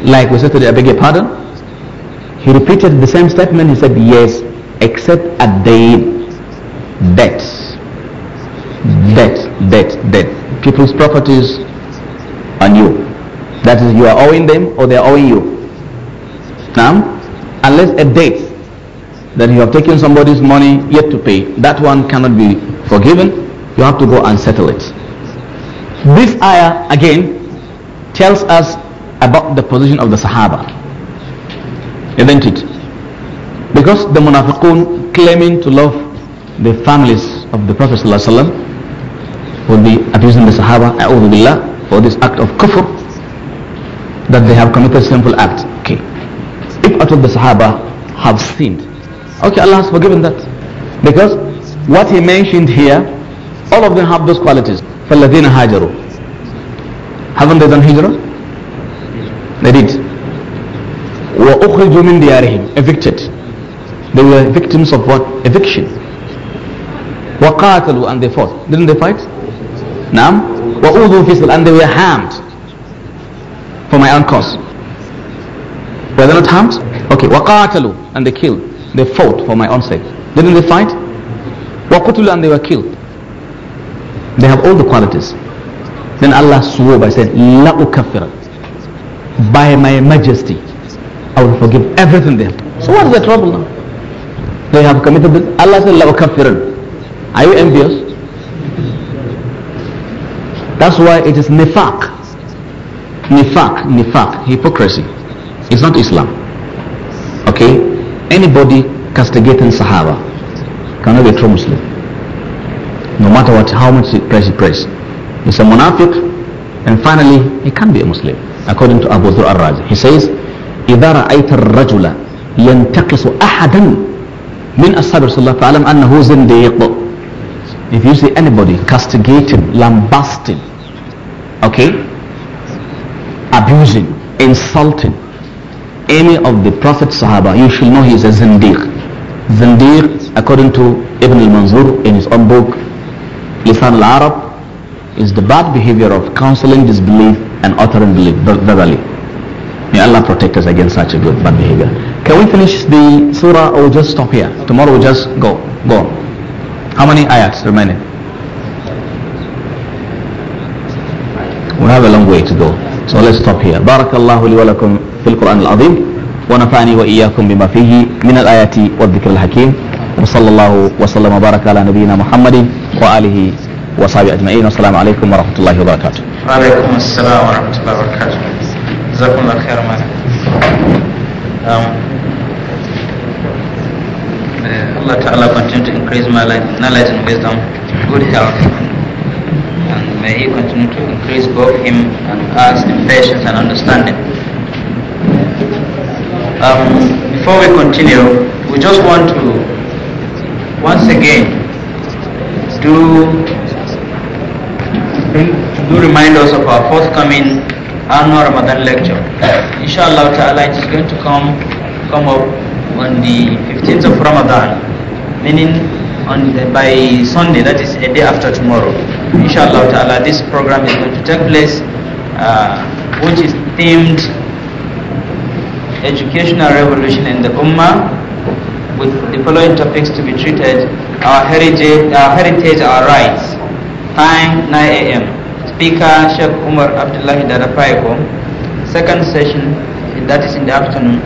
Like we said today, I beg your pardon. He repeated the same statement, he said, yes, except at the death debt, debt, debt. People's properties on you. That is, you are owing them or they are owing you. Now, unless a debt that you have taken somebody's money yet to pay, that one cannot be forgiven. You have to go and settle it. This ayah again tells us about the position of the Sahaba, isn't it? Because the Munafiqun claiming to love the families of the Prophet sallallahu would be abusing the Sahaba billah, for this act of kufr that they have committed sinful act. Okay. If out all the Sahaba have sinned, okay, Allah has forgiven that. Because what he mentioned here, all of them have those qualities. فَالَّذِينَ هَاجَرُوا Haven't they done hijrah? They did. وَأُخْرِجُوا مِنْ دِيَارِهِمْ Evicted. They were victims of what? Eviction. وَقَاتَلُوا And they fought. Didn't they fight? Now, and they were harmed for my own cause. Were they not harmed? Okay, وقاتلوا and they killed. They fought for my own sake. Didn't they fight? وقتلوا and they were killed. They have all the qualities. Then Allah swore by saying, La ukafira. By my majesty, I will forgive everything there. So what is the trouble now? They have committed this. Allah said, La ukafiran. Are you envious? That's why it is nifaq. Nifaq, nifaq, hypocrisy. It's not Islam. Okay? Anybody castigating Sahaba cannot be a true Muslim. No matter what, how much he prays, he prays. He's a munafiq, and finally, he can be a Muslim. According to Abu Dhur al-Razi, he says, إذا رأيت الرجل ينتقص أحدا من أصحاب رسول الله فاعلم أنه زنديق if you see anybody castigating lambasting okay abusing insulting any of the prophet sahaba you should know he is a zindiq zindiq according to ibn al-manzur in his own book lisan al-arab is the bad behavior of counseling disbelief and uttering belief verbally may allah protect us against such a good bad behavior can we finish the surah or just stop here tomorrow we'll just go go How many ayats remaining? We have a long way to go. So let's stop here. بارك الله لي ولكم في القرآن العظيم ونفعني وإياكم بما فيه من الآيات والذكر الحكيم وصلى الله وسلم وبارك على نبينا محمد وآله وصحبه أجمعين والسلام عليكم ورحمة الله وبركاته وعليكم السلام ورحمة الله وبركاته جزاكم الله خير مالك uh, Allah Ta'ala continue to increase my knowledge and wisdom, good health, and may He continue to increase both Him and us in patience and understanding. Um, before we continue, we just want to once again do, do remind us of our forthcoming annual Ramadan lecture. Inshallah Ta'ala, it is going to come, come up on the 15th of Ramadan, meaning on the, by Sunday, that is a day after tomorrow. Inshallah ta'ala, this program is going to take place, uh, which is themed Educational Revolution in the Ummah, with the following topics to be treated our heritage, our, heritage, our rights. Time 9 a.m. Speaker Sheikh Umar Abdullahi Dadapaiko. Second session, that is in the afternoon,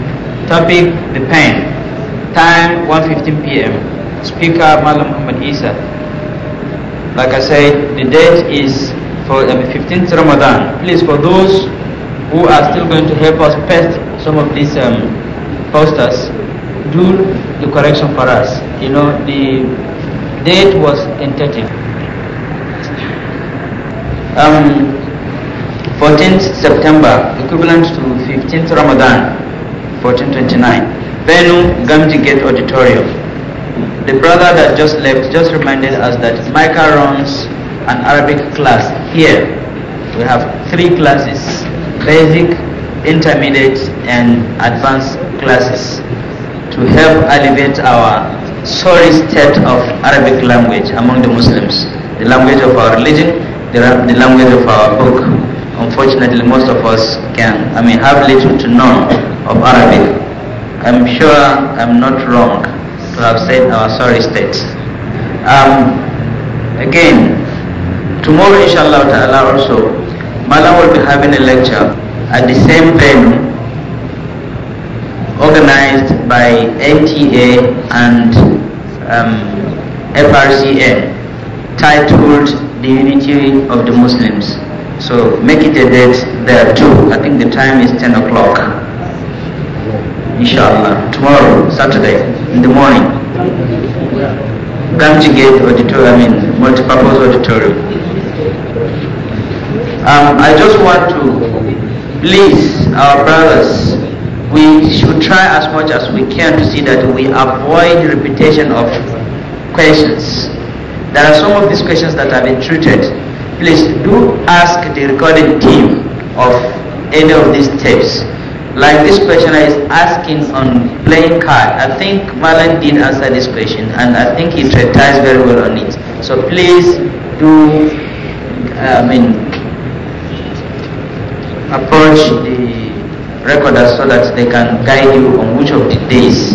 Topic The Pain. Time 1.15 p.m. Speaker Malam Muhammad Isa. Like I said, the date is for the 15th Ramadan. Please, for those who are still going to help us paste some of these um, posters, do the correction for us. You know, the date was tentative. Um, 14th September, equivalent to 15th Ramadan. 1429, Benu Gamji Gate Auditorium. The brother that just left just reminded us that Micah runs an Arabic class here. We have three classes, basic, intermediate and advanced classes to help elevate our sorry state of Arabic language among the Muslims, the language of our religion, the, the language of our book. Unfortunately, most of us can, I mean, have little to none of Arabic. I'm sure I'm not wrong to have said our sorry state. Um, again, tomorrow inshallah ta'ala also, Mala will be having a lecture at the same venue organized by NTA and um, FRCN titled The Unity of the Muslims. So make it a date there too. I think the time is 10 o'clock inshallah, tomorrow, Saturday, in the morning. Gramchi Gate Auditorium, I mean, multipurpose auditorium. Um, I just want to, please, our brothers, we should try as much as we can to see that we avoid repetition of questions. There are some of these questions that have been treated. Please do ask the recording team of any of these tapes like this question is asking on playing card. I think Malan did answer this question and I think he treatise very well on it. So please do, uh, I mean, approach the recorders so that they can guide you on which of the days.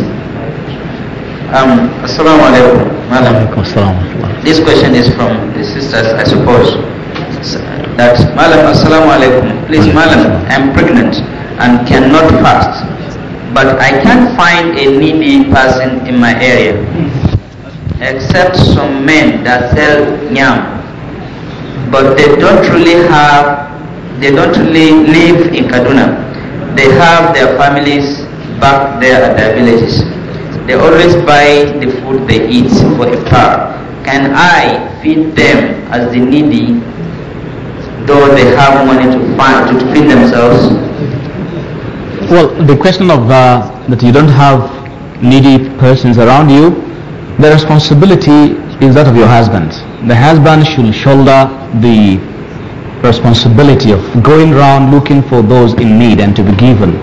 Um, Assalamu alaikum. This question is from the sisters, I suppose. That Malam, Assalamu alaikum. Please, Malam, I'm pregnant and cannot fast. But I can't find a needy person in my area, except some men that sell yam. But they don't really have, they don't really live in Kaduna. They have their families back there at their villages. They always buy the food they eat for a par. Can I feed them as the needy, though they have money to, find, to feed themselves? Well, the question of uh, that you don't have needy persons around you, the responsibility is that of your husband. The husband should shoulder the responsibility of going around looking for those in need and to be given.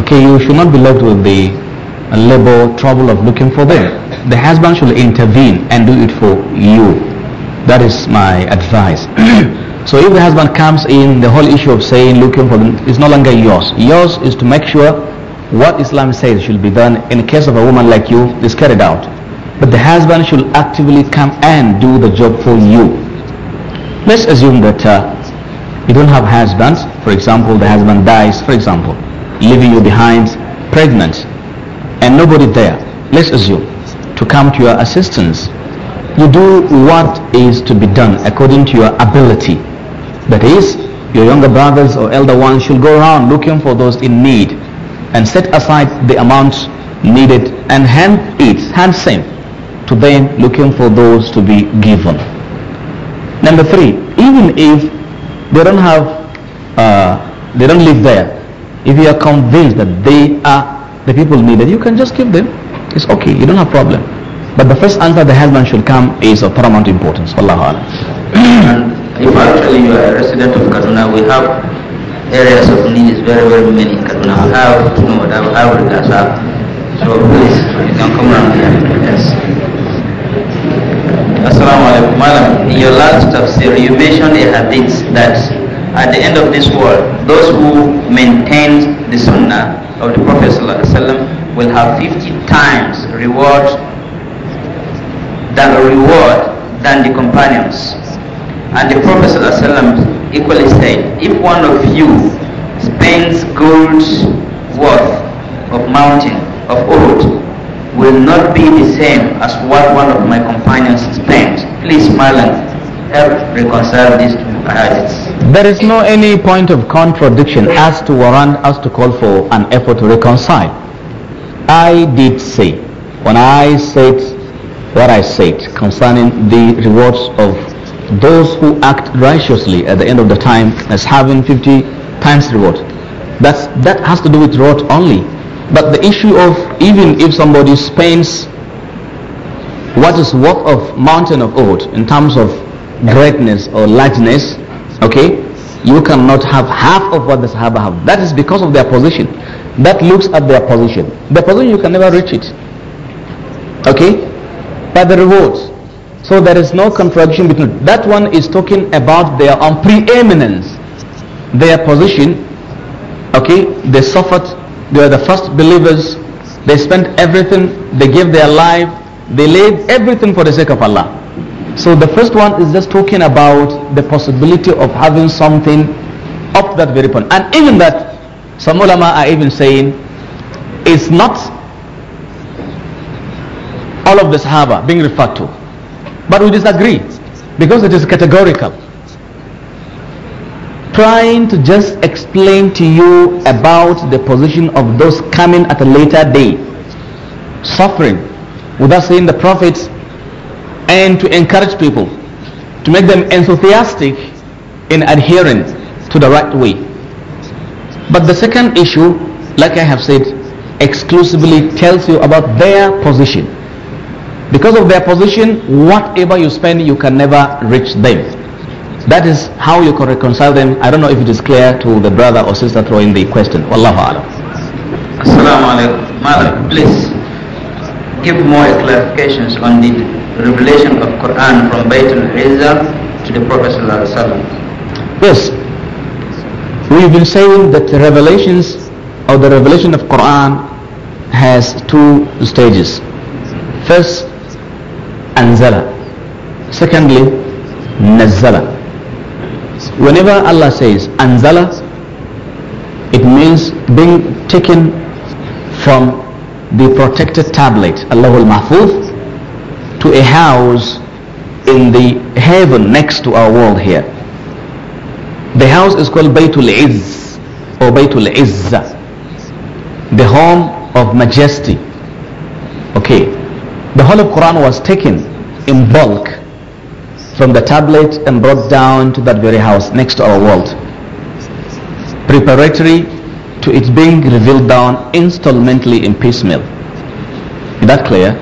Okay, you should not be left with the labor trouble of looking for them. The husband should intervene and do it for you. That is my advice. So if the husband comes in, the whole issue of saying looking for them is no longer yours. Yours is to make sure what Islam says should be done in case of a woman like you is carried out. But the husband should actively come and do the job for you. Let's assume that uh, you don't have husbands. For example, the husband dies, for example, leaving you behind pregnant and nobody there. Let's assume to come to your assistance. You do what is to be done according to your ability that is, your younger brothers or elder ones should go around looking for those in need and set aside the amount needed and hand it, hand same, to them looking for those to be given. Number three, even if they don't have, uh, they don't live there, if you are convinced that they are the people needed, you can just give them. It's okay, you don't have problem. But the first answer the husband should come is of paramount importance. Wallahu if actually you are a resident of Kaduna, we have areas of need is very, very many in Kaduna. I have Tunod, I have Rigasa. So please, you can come around here. Yes. Assalamu alaikum. Madam, in your last tafsir, you mentioned a hadith that at the end of this world, those who maintain the sunnah of the Prophet wasallam will have 50 times reward that reward than the companions. And the Prophet ﷺ equally said, if one of you spends gold worth of mountain, of old, will not be the same as what one of my companions spent. Please, and help reconcile these two hadiths. There is no any point of contradiction as to warrant us to call for an effort to reconcile. I did say, when I said what I said concerning the rewards of those who act righteously at the end of the time as having 50 times reward. That's, that has to do with reward only. But the issue of even if somebody spends what is worth of mountain of Uhud in terms of greatness or largeness, okay, you cannot have half of what the Sahaba have. That is because of their position. That looks at their position. Their position, you can never reach it. Okay? By the rewards. So there is no contradiction between that one is talking about their own preeminence, their position. Okay, they suffered, they were the first believers, they spent everything, they gave their life, they laid everything for the sake of Allah. So the first one is just talking about the possibility of having something up that very point. And even that, some ulama are even saying, it's not all of the Sahaba being referred to. But we disagree because it is categorical. Trying to just explain to you about the position of those coming at a later day, suffering without seeing the prophets, and to encourage people, to make them enthusiastic in adhering to the right way. But the second issue, like I have said, exclusively tells you about their position because of their position, whatever you spend, you can never reach them. That is how you can reconcile them. I don't know if it is clear to the brother or sister throwing the question. Wallahu alam. Assalamu Mother, please give more clarifications on the revelation of Quran from Baytul Izzah to the Prophet Yes. We've been saying that the revelations or the revelation of Quran has two stages. First, anzala. Secondly, nazala. Whenever Allah says anzala, it means being taken from the protected tablet, Allahul Mahfuz, to a house in the heaven next to our world here. The house is called Baytul Izz or Baytul Izza, the home of majesty. Okay, the whole of Quran was taken in bulk from the tablet and brought down to that very house next to our world. Preparatory to its being revealed down installmentally in piecemeal. Is that clear?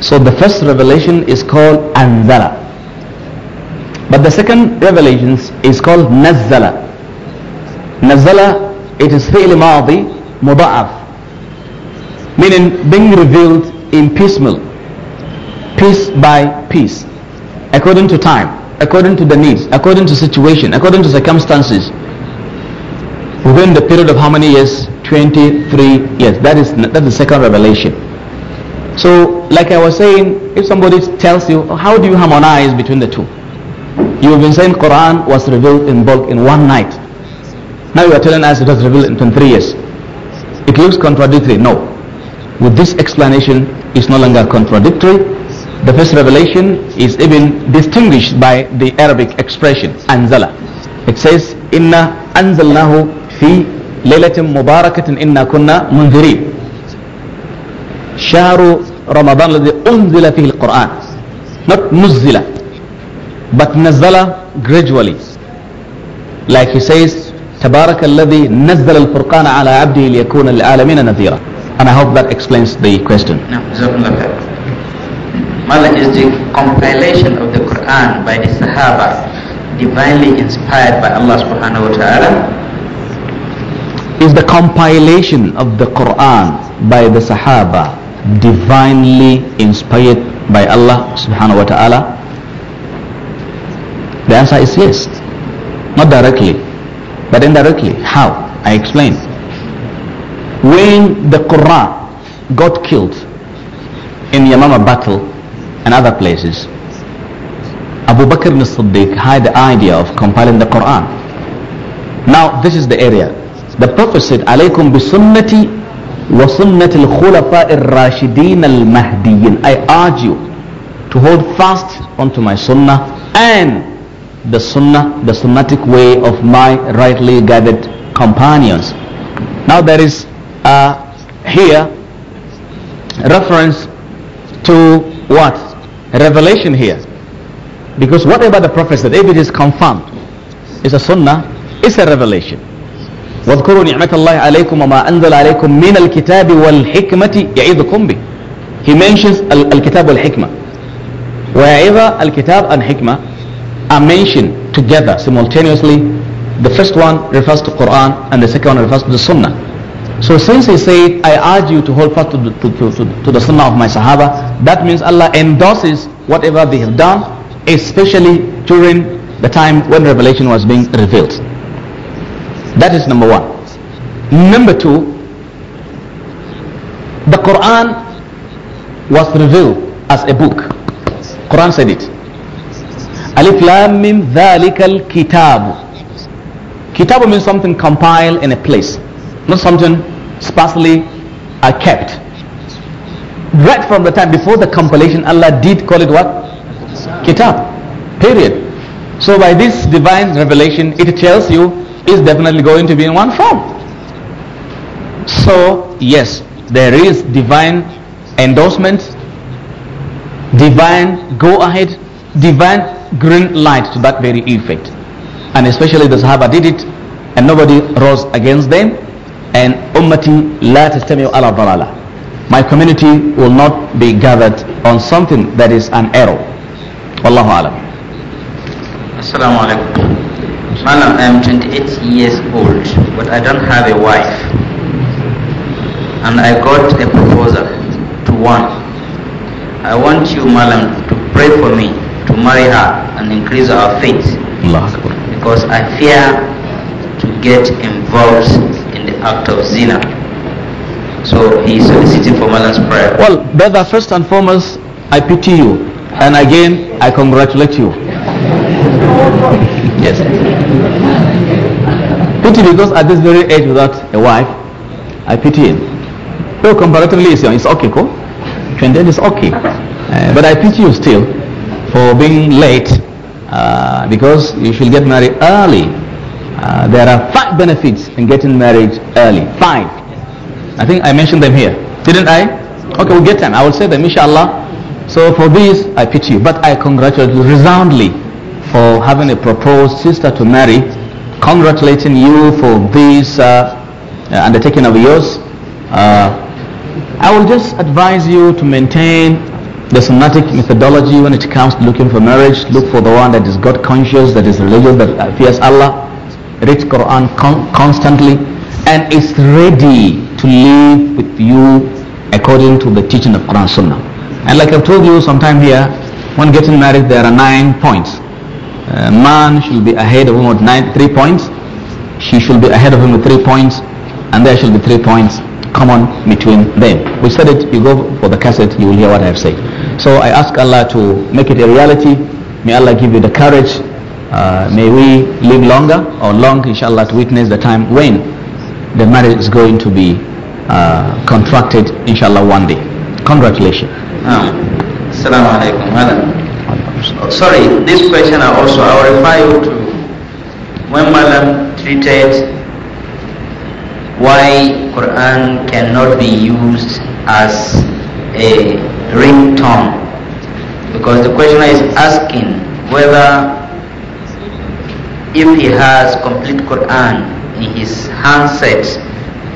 So the first revelation is called Anzala. But the second revelation is called Nazzala. Nazzala, it is fi'l madi muda'af. Meaning being revealed in piecemeal piece by piece, according to time, according to the needs, according to situation, according to circumstances, within the period of how many years? 23 years. That is that's the second revelation. So, like I was saying, if somebody tells you, how do you harmonize between the two? You have been saying Quran was revealed in bulk in one night. Now you are telling us it was revealed in 23 years. It looks contradictory. No. With this explanation, it's no longer contradictory the first revelation is even distinguished by the Arabic expression anzala. It says, Inna anzalnahu fi laylatin mubarakatin inna kunna munzirin. شهر رمضان الذي أنزل فيه القرآن not نزل but نزل gradually like he says تبارك الذي نزل الفرقان على عبده ليكون للعالمين نذيرا and I hope that explains the question no, Mala is the compilation of the Quran by the Sahaba, divinely inspired by Allah subhanahu wa ta'ala. Is the compilation of the Quran by the Sahaba divinely inspired by Allah subhanahu wa ta'ala? The answer is yes. Not directly, but indirectly. How? I explain. When the Quran got killed in Yamama battle, and other places. Abu Bakr as-Siddiq had the idea of compiling the Quran. Now this is the area. The Prophet said, "Alaykum bi sunnati wa sunnati al-khulafa ar al I urge you to hold fast onto my sunnah and the sunnah, the sunnatic way of my rightly guided companions. Now there is uh, here reference to what? revelation here. Because whatever the Prophet said, if it is confirmed, it's a sunnah, it's a revelation. واذكروا نعمة الله عليكم وما أنزل عليكم من الكتاب والحكمة يعظكم به. He mentions al-kitab wal-hikmah. Wherever al-kitab and hikmah are mentioned together simultaneously, the first one refers to Quran and the second one refers to the sunnah. So since he said, I urge you to hold fast to the, to, to, to the sunnah of my sahaba, that means Allah endorses whatever they have done, especially during the time when revelation was being revealed. That is number one. Number two, the Quran was revealed as a book. Quran said it. Alif Lam Mim Dhalikal Kitab. Kitab means something compiled in a place not something sparsely are uh, kept. Right from the time before the compilation, Allah did call it what? Kitab. Period. So by this divine revelation, it tells you it's definitely going to be in one form. So yes, there is divine endorsement, divine go ahead, divine green light to that very effect. And especially the Sahaba did it and nobody rose against them and ummati la tastami'u ala dalala. My community will not be gathered on something that is an error. Wallahu alam. Assalamu alaikum. Madam, I am 28 years old, but I don't have a wife. And I got a proposal to one. I want you, Madam, to pray for me to marry her and increase our faith. Because I fear to get involved in the act of zina. So he is soliciting for Malan's prayer. Well, brother, first and foremost, I pity you. And again, I congratulate you. yes. Pity because at this very age without a wife, I pity him. well, comparatively it's, it's okay, cool. And is okay. Uh, but I pity you still for being late uh, because you should get married early uh, there are five benefits in getting married early. Five. I think I mentioned them here. Didn't I? Okay, we'll get them. I will say them, inshallah. So for this, I pity you. But I congratulate you resoundly for having a proposed sister to marry. Congratulating you for this uh, uh undertaking of yours. Uh, I will just advise you to maintain the somatic methodology when it comes to looking for marriage. Look for the one that is God conscious, that is religious, that fears Allah reads Quran con constantly and is ready to live with you according to the teaching of Quran Sunnah. And like I've told you sometime here, when getting married there are nine points. A man should be ahead of him with nine, three points. She should be ahead of him with three points. And there should be three points common between them. We said it, you go for the cassette, you will hear what I have said. So I ask Allah to make it a reality. May Allah give you the courage uh, may we live longer or long, inshallah, to witness the time when the marriage is going to be uh, contracted, inshallah, one day. Congratulations. Ah. assalamu alaikum. Madam. Sorry, this question I also I refer you to when Malam treated why Quran cannot be used as a ringtone because the questioner is asking whether if he has complete Quran in his handset,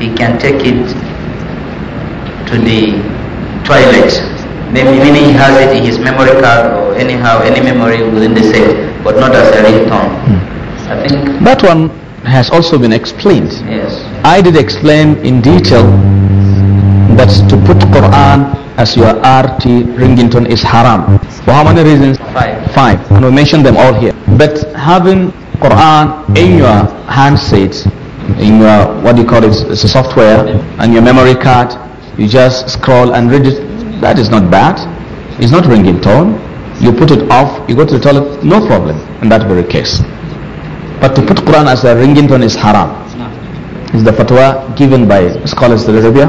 he can take it to the toilet. Maybe meaning he has it in his memory card or anyhow any memory within the set, but not as a ringtone. Hmm. I think that one has also been explained. Yes. I did explain in detail that to put Quran as your RT ringtone is haram. For how many reasons? Five. Five. And we mentioned them all here. But having Quran in your handset, in your, what do you call it, it's a software, and your memory card, you just scroll and read it. That is not bad. It's not ringing tone. You put it off, you go to the toilet, no problem in that very case. But to put Quran as a ringing tone is haram. It's the fatwa given by scholars of Arabia.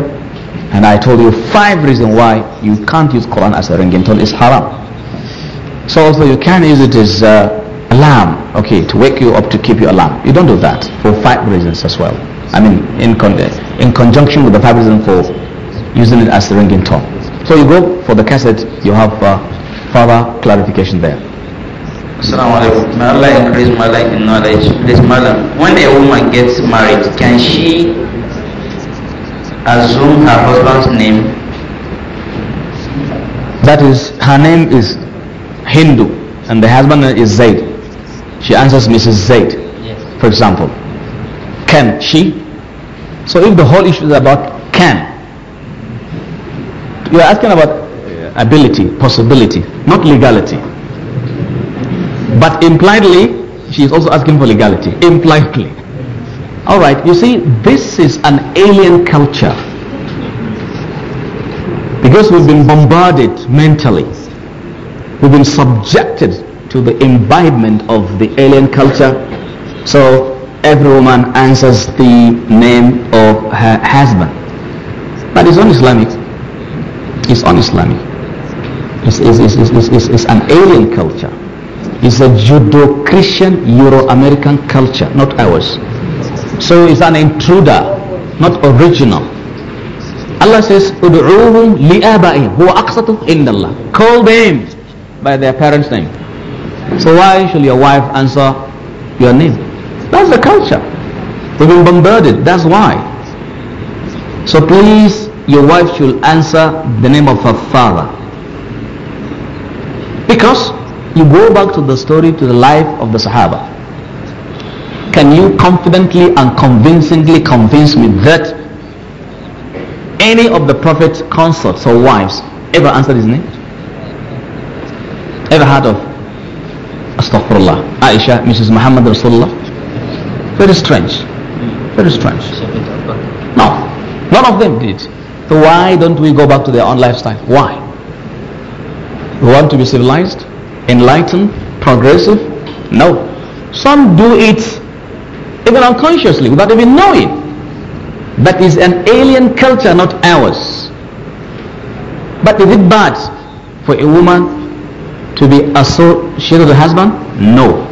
And I told you five reasons why you can't use Quran as a ringing tone is haram. So also you can use it as uh, alarm okay to wake you up to keep you alarm you don't do that for five reasons as well i mean in con in conjunction with the five reasons for using it as a ringing tone so you go for the cassette you have uh, further clarification there Assalamu May Allah increase my life in knowledge. Please, madam, when a woman gets married, can she assume her husband's name? That is, her name is Hindu and the husband is Zaid. She answers Mrs. Zaid, yes. for example. Can she? So if the whole issue is about can, you are asking about ability, possibility, not legality. But impliedly, she is also asking for legality. Impliedly. All right, you see, this is an alien culture. Because we've been bombarded mentally, we've been subjected to the imbibement of the alien culture. So every woman answers the name of her husband. But it's un-Islamic. It's un-Islamic. It's, it's, it's, it's, an alien culture. It's a Judo-Christian Euro-American culture, not ours. So it's an intruder, not original. Allah says, "Udu'uhum li'abaihim huwa aqsatu indallah." Call them by their parents' name. So why should your wife answer your name? That's the culture. We've been bombarded. That's why. So please, your wife should answer the name of her father. Because you go back to the story, to the life of the Sahaba. Can you confidently and convincingly convince me that any of the Prophet's consorts or wives ever answered his name? Ever heard of Astaghfirullah. Aisha, Mrs. Muhammad Rasulullah. Very strange. Very strange. Now, none of them did. So why don't we go back to their own lifestyle? Why? We want to be civilized, enlightened, progressive? No. Some do it even unconsciously without even knowing. That is an alien culture, not ours. But is it bad for a woman to be associated with husband? No.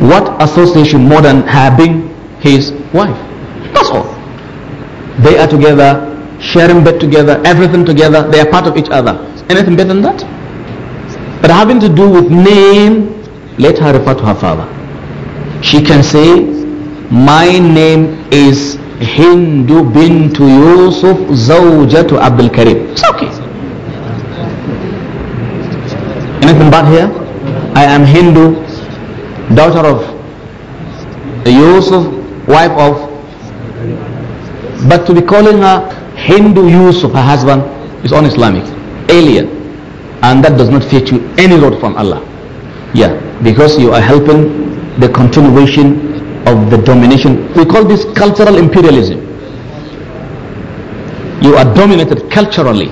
What association more than having his wife? That's all. They are together, sharing bed together, everything together, they are part of each other. Anything better than that? But having to do with name, let her refer to her father. She can say, My name is Hindu bint Yusuf Zawjatu Abdul Karim. It's okay. But here? I am Hindu, daughter of Yusuf, wife of. But to be calling her Hindu Yusuf, her husband, is un-Islamic, alien. And that does not fit you any road from Allah. Yeah, because you are helping the continuation of the domination. We call this cultural imperialism. You are dominated culturally.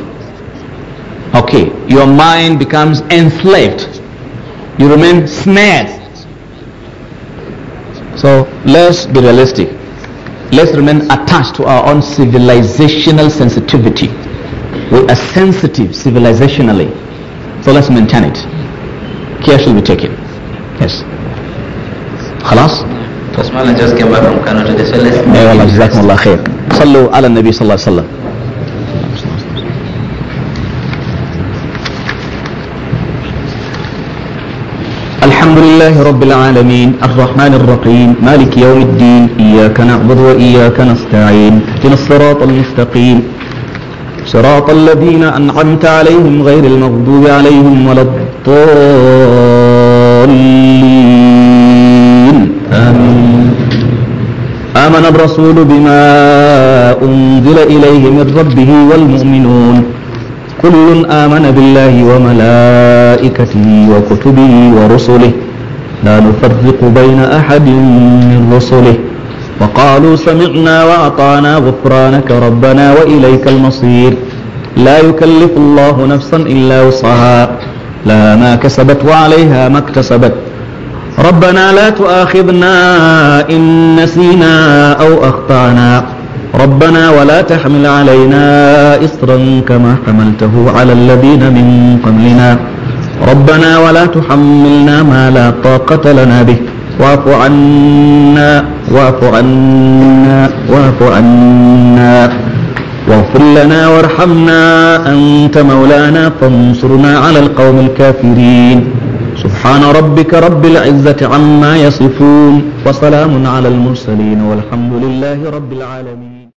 Okay, your mind becomes enslaved. You remain snared. So let's be realistic. Let's remain attached to our own civilizational sensitivity. We are sensitive civilizationally. So let's maintain it. Care should be taken. Yes. خلاص؟ just came back from Canada. So let's. صلوا على النبي الحمد لله رب العالمين الرحمن الرحيم مالك يوم الدين إياك نعبد وإياك نستعين اهدنا الصراط المستقيم صراط الذين أنعمت عليهم غير المغضوب عليهم ولا الضالين آمين آمن الرسول بما أنزل إليه من ربه والمؤمنون كل آمن بالله وملائكته وكتبه ورسله لا نفرق بين أحد من رسله وقالوا سمعنا وأعطانا غفرانك ربنا وإليك المصير لا يكلف الله نفسا إلا وسعها لها ما كسبت وعليها ما اكتسبت ربنا لا تؤاخذنا إن نسينا أو أخطأنا ربنا ولا تحمل علينا إصرا كما حملته على الذين من قبلنا ربنا ولا تحملنا ما لا طاقة لنا به واعف عنا واعف عنا واعف عنا واغفر لنا وارحمنا أنت مولانا فانصرنا على القوم الكافرين سبحان ربك رب العزة عما يصفون وسلام على المرسلين والحمد لله رب العالمين